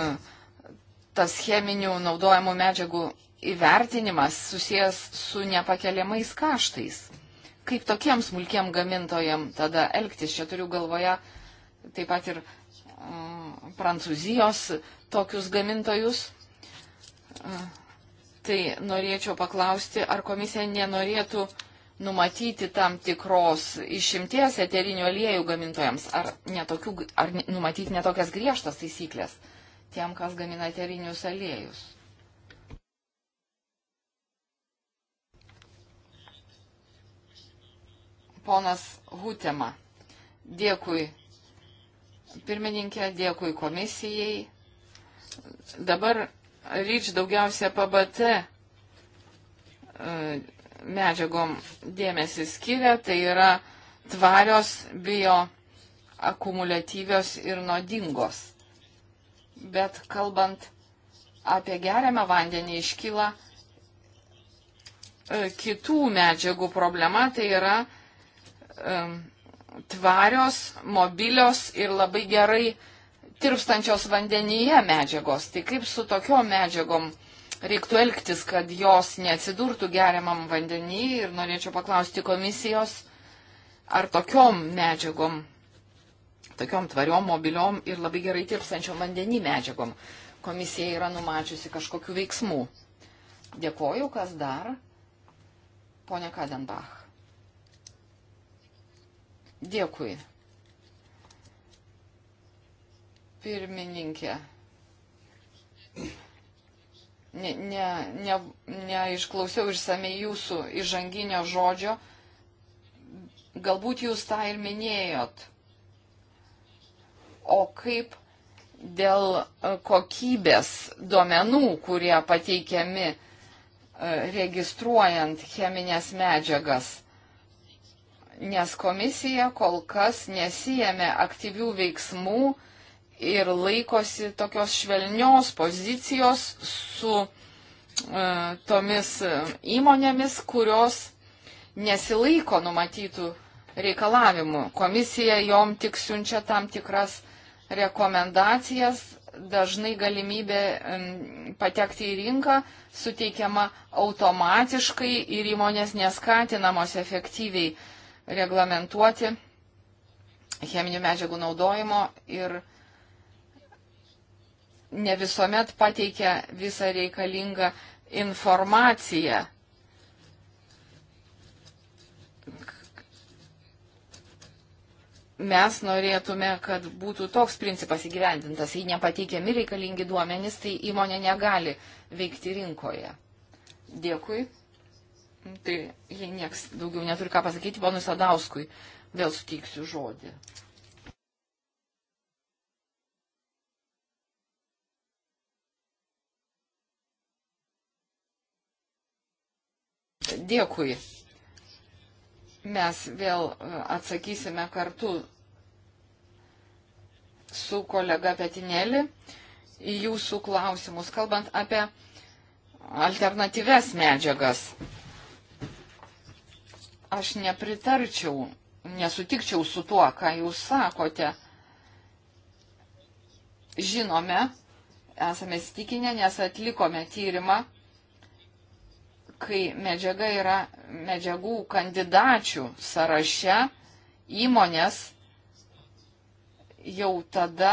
tas cheminių naudojamų medžiagų įvertinimas susijęs su nepakeliamais kaštais kaip tokiem smulkiem gamintojam tada elgtis. Čia turiu galvoje taip pat ir uh, prancūzijos tokius gamintojus. Uh, tai norėčiau paklausti, ar komisija nenorėtų numatyti tam tikros išimties eterinių aliejų gamintojams, ar, netokių, ar numatyti netokias griežtas taisyklės tiem, kas gamina eterinius aliejus. ponas Hutema. Dėkui pirmininkė, dėkui komisijai. Dabar ryč daugiausia PBT e, medžiagom dėmesį skiria, tai yra tvarios bio akumuliatyvios ir nuodingos. Bet kalbant apie geriamą vandenį iškyla e, kitų medžiagų problema, tai yra tvarios, mobilios ir labai gerai tirpstančios vandenyje medžiagos. Tai kaip su tokiom medžiagom reiktų elgtis, kad jos neatsidurtų geriamam vandenyje ir norėčiau paklausti komisijos, ar tokiom medžiagom, tokiom tvariom, mobiliom ir labai gerai tirpstančiom vandenį medžiagom komisija yra numačiusi kažkokių veiksmų. Dėkoju, kas dar? Pone Kadenbach. Dėkui. Pirmininkė. Neišklausiau ne, ne, ne, ne išsamei jūsų įžanginio žodžio. Galbūt jūs tą ir minėjot. O kaip dėl e, kokybės duomenų, kurie pateikiami e, registruojant cheminės medžiagas? nes komisija kol kas nesijėmė aktyvių veiksmų ir laikosi tokios švelnios pozicijos su e, tomis e, įmonėmis, kurios nesilaiko numatytų reikalavimų. Komisija jom tik siunčia tam tikras rekomendacijas, dažnai galimybė patekti į rinką suteikiama automatiškai ir įmonės neskatinamos efektyviai reglamentuoti cheminių medžiagų naudojimo ir ne visuomet pateikia visą reikalingą informaciją. Mes norėtume, kad būtų toks principas įgyvendintas. Jei nepateikiami reikalingi duomenys, tai įmonė negali veikti rinkoje. Dėkui. Tai jei nieks daugiau neturi ką pasakyti, ponui Sadauskui vėl suteiksiu žodį. Dėkui. Mes vėl e, atsakysime kartu su kolega Petinėlį į jūsų klausimus, kalbant apie alternatyves medžiagas. Aš nepritarčiau, nesutikčiau su tuo, ką jūs sakote. Žinome, esame stikinę, nes atlikome tyrimą, kai medžiaga yra medžiagų kandidačių sąraše, įmonės jau tada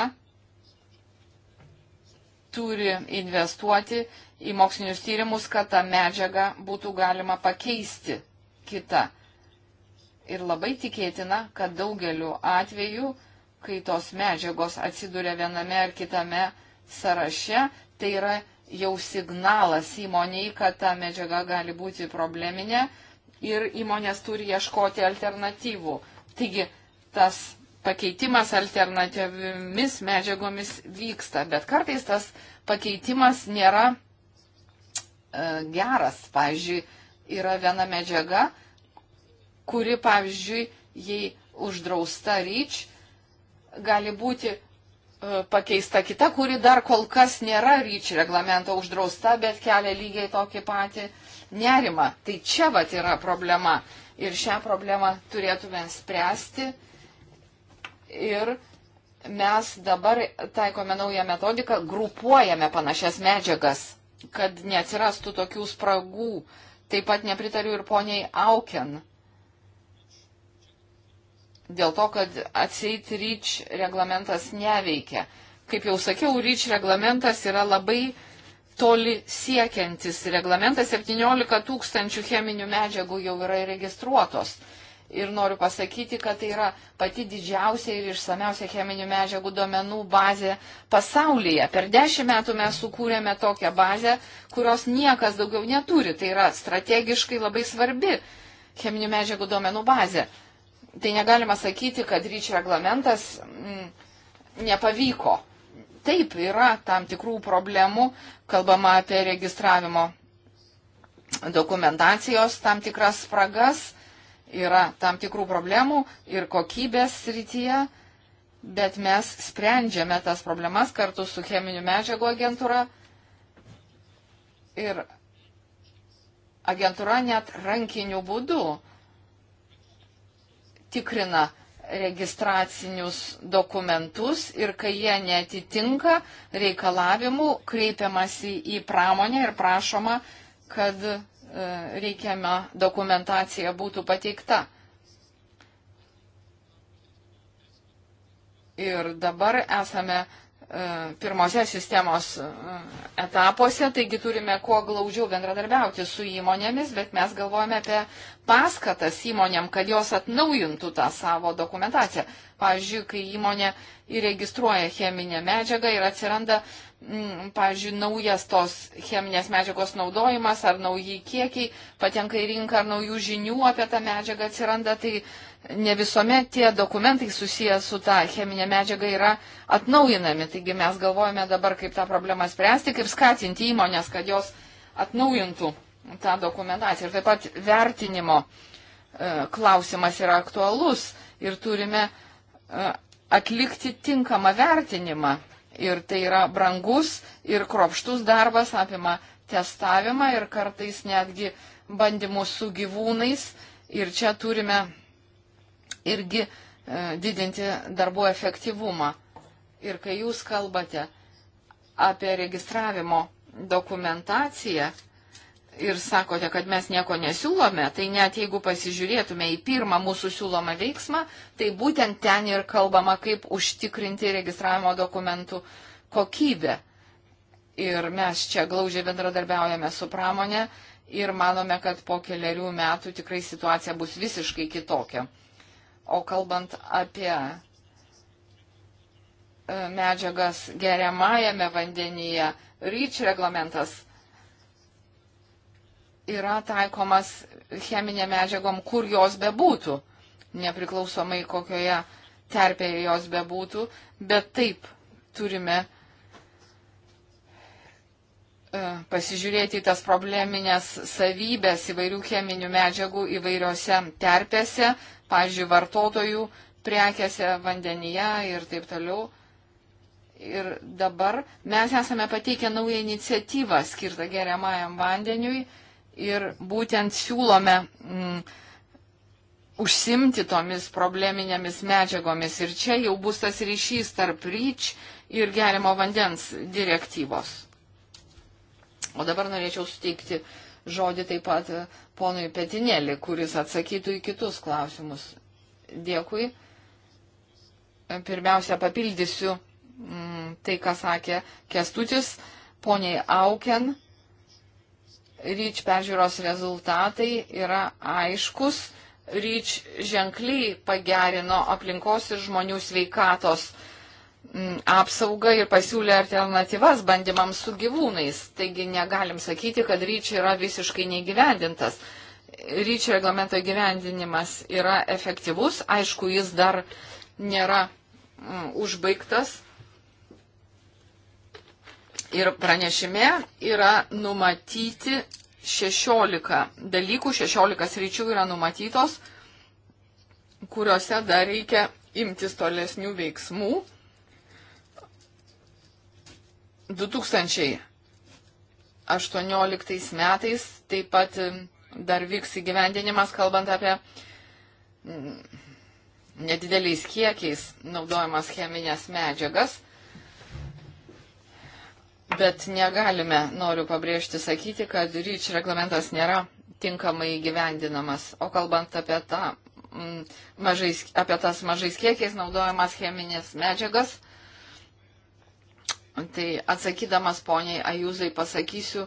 turi investuoti į mokslinius tyrimus, kad tą medžiagą būtų galima pakeisti kitą ir labai tikėtina, kad daugeliu atveju, kai tos medžiagos atsiduria viename ar kitame sąraše, tai yra jau signalas įmoniai, kad ta medžiaga gali būti probleminė ir įmonės turi ieškoti alternatyvų. Taigi tas pakeitimas alternatyvimis medžiagomis vyksta, bet kartais tas pakeitimas nėra e, geras. Pavyzdžiui, yra viena medžiaga, kuri, pavyzdžiui, jei uždrausta ryč, gali būti e, pakeista kita, kuri dar kol kas nėra ryč reglamento uždrausta, bet kelia lygiai tokį patį nerimą. Tai čia vat yra problema. Ir šią problemą turėtume spręsti. Ir mes dabar taikome naują metodiką, grupuojame panašias medžiagas, kad neatsirastų tokių spragų. Taip pat nepritariu ir poniai Auken dėl to, kad atseit ryč reglamentas neveikia. Kaip jau sakiau, ryč reglamentas yra labai toli siekiantis reglamentas, 17 tūkstančių cheminių medžiagų jau yra registruotos. Ir noriu pasakyti, kad tai yra pati didžiausia ir išsameusia cheminių medžiagų duomenų bazė pasaulyje. Per dešimt metų mes sukūrėme tokią bazę, kurios niekas daugiau neturi. Tai yra strategiškai labai svarbi cheminių medžiagų duomenų bazė tai negalima sakyti, kad ryčio reglamentas m, mm, nepavyko. Taip yra tam tikrų problemų, kalbama apie registravimo dokumentacijos tam tikras spragas, yra tam tikrų problemų ir kokybės srityje, bet mes sprendžiame tas problemas kartu su cheminių medžiagų agentūra. Ir agentūra net rankiniu būdu tikrina registracinius dokumentus ir kai jie netitinka reikalavimų, kreipiamasi į pramonę ir prašoma, kad e, reikiama dokumentacija būtų pateikta. Ir dabar esame pirmose sistemos e, etapuose, taigi turime kuo glaudžiau bendradarbiauti su įmonėmis, bet mes galvojame apie paskatas įmonėm, kad jos atnaujintų tą savo dokumentaciją. Pavyzdžiui, kai įmonė įregistruoja cheminę medžiagą ir atsiranda, m, mm, pavyzdžiui, naujas tos cheminės medžiagos naudojimas ar nauji kiekiai patenka į rinką ar naujų žinių apie tą medžiagą atsiranda, tai ne visuomet tie dokumentai susiję su ta cheminė medžiaga yra atnaujinami. Taigi mes galvojame dabar, kaip tą problemą spręsti, kaip skatinti įmonės, kad jos atnaujintų tą dokumentaciją. Ir taip pat vertinimo e, klausimas yra aktualus ir turime e, atlikti tinkamą vertinimą. Ir tai yra brangus ir kropštus darbas, apima testavimą ir kartais netgi bandymus su gyvūnais. Ir čia turime irgi e, didinti darbo efektyvumą. Ir kai jūs kalbate apie registravimo dokumentaciją ir sakote, kad mes nieko nesiūlome, tai net jeigu pasižiūrėtume į pirmą mūsų siūlomą veiksmą, tai būtent ten ir kalbama, kaip užtikrinti registravimo dokumentų kokybę. Ir mes čia glaužiai bendradarbiaujame su pramonė ir manome, kad po keliarių metų tikrai situacija bus visiškai kitokia. O kalbant apie e, medžiagas geriamajame vandenyje, ryč reglamentas yra taikomas cheminė medžiagom, kur jos bebūtų, nepriklausomai kokioje terpėje jos bebūtų, bet taip turime e, pasižiūrėti į tas probleminės savybės įvairių cheminių medžiagų įvairiose terpėse, pavyzdžiui, vartotojų prekėse, vandenyje ir taip toliau. Ir dabar mes esame pateikę naują iniciatyvą skirtą geriamajam vandeniui ir būtent siūlome mm, užsimti tomis probleminėmis medžiagomis. Ir čia jau bus tas ryšys tarp ryč ir gerimo vandens direktyvos. O dabar norėčiau suteikti žodį taip pat ponui Petinėlį, kuris atsakytų į kitus klausimus. Dėkui. Pirmiausia, papildysiu mm, tai, ką sakė Kestutis, poniai Auken. Ryč peržiūros rezultatai yra aiškus. Ryč ženkliai pagerino aplinkos ir žmonių sveikatos uh, Mm, apsaugą ir pasiūlė alternatyvas bandymams su gyvūnais. Taigi negalim sakyti, kad ryčiai yra visiškai neįgyvendintas. Ryčio reglamento įgyvendinimas yra efektyvus, aišku, jis dar nėra mm, užbaigtas. Ir pranešime yra numatyti 16 dalykų, 16 ryčių yra numatytos, kuriuose dar reikia imtis tolesnių veiksmų 2018 metais taip pat dar vyks įgyvendinimas, kalbant apie nedideliais kiekiais naudojamas cheminės medžiagas, bet negalime, noriu pabrėžti, sakyti, kad ryč reglamentas nėra tinkamai įgyvendinamas. O kalbant apie, tą, mažais, apie tas mažais kiekiais naudojamas cheminės medžiagas, Tai atsakydamas poniai Ajūzai pasakysiu,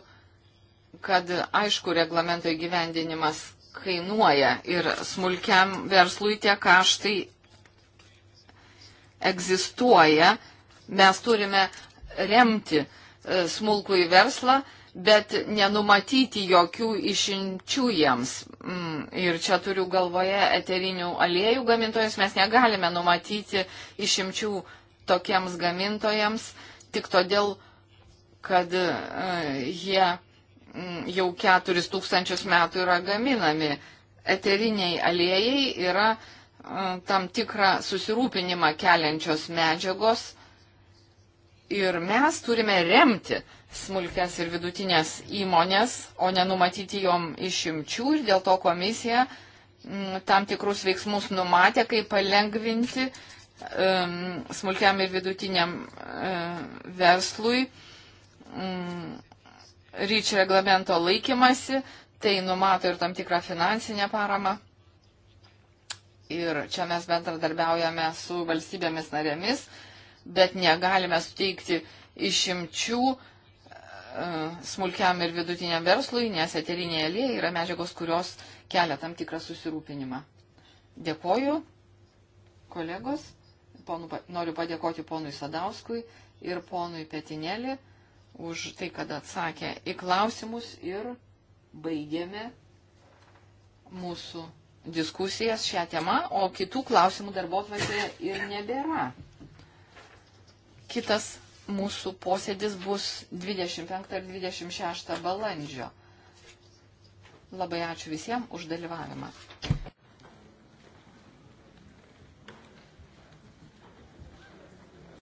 kad aišku, reglamento įgyvendinimas kainuoja ir smulkiam verslui tie kaštai egzistuoja. Mes turime remti e, smulkų į verslą, bet nenumatyti jokių išimčių jiems. Mm, ir čia turiu galvoje eterinių aliejų gamintojus, mes negalime numatyti išimčių tokiems gamintojams. Uh, tik todėl, kad e, jie mm, jau keturis tūkstančius metų yra gaminami. Eteriniai aliejai yra e, tam tikrą susirūpinimą keliančios medžiagos ir mes turime remti smulkės ir vidutinės įmonės, o nenumatyti jom išimčių ir dėl to komisija mm, tam tikrus veiksmus numatė, kaip palengvinti uh, smulkiam ir vidutiniam e, verslui mm, ryčio reglamento laikymasi, tai numato ir tam tikrą finansinę paramą. Ir čia mes bendradarbiaujame su valstybėmis narėmis, bet negalime suteikti išimčių e, smulkiam ir vidutiniam verslui, nes eterinė alėja yra medžiagos, kurios kelia tam tikrą susirūpinimą. Dėkoju, kolegos ponu, noriu padėkoti ponui Sadauskui ir ponui Petinėlį už tai, kad atsakė į klausimus ir baigėme mūsų diskusijas šią temą, o kitų klausimų darbo atvarkėje ir nebėra. Kitas mūsų posėdis bus 25 ir 26 balandžio. Labai ačiū visiems už dalyvavimą.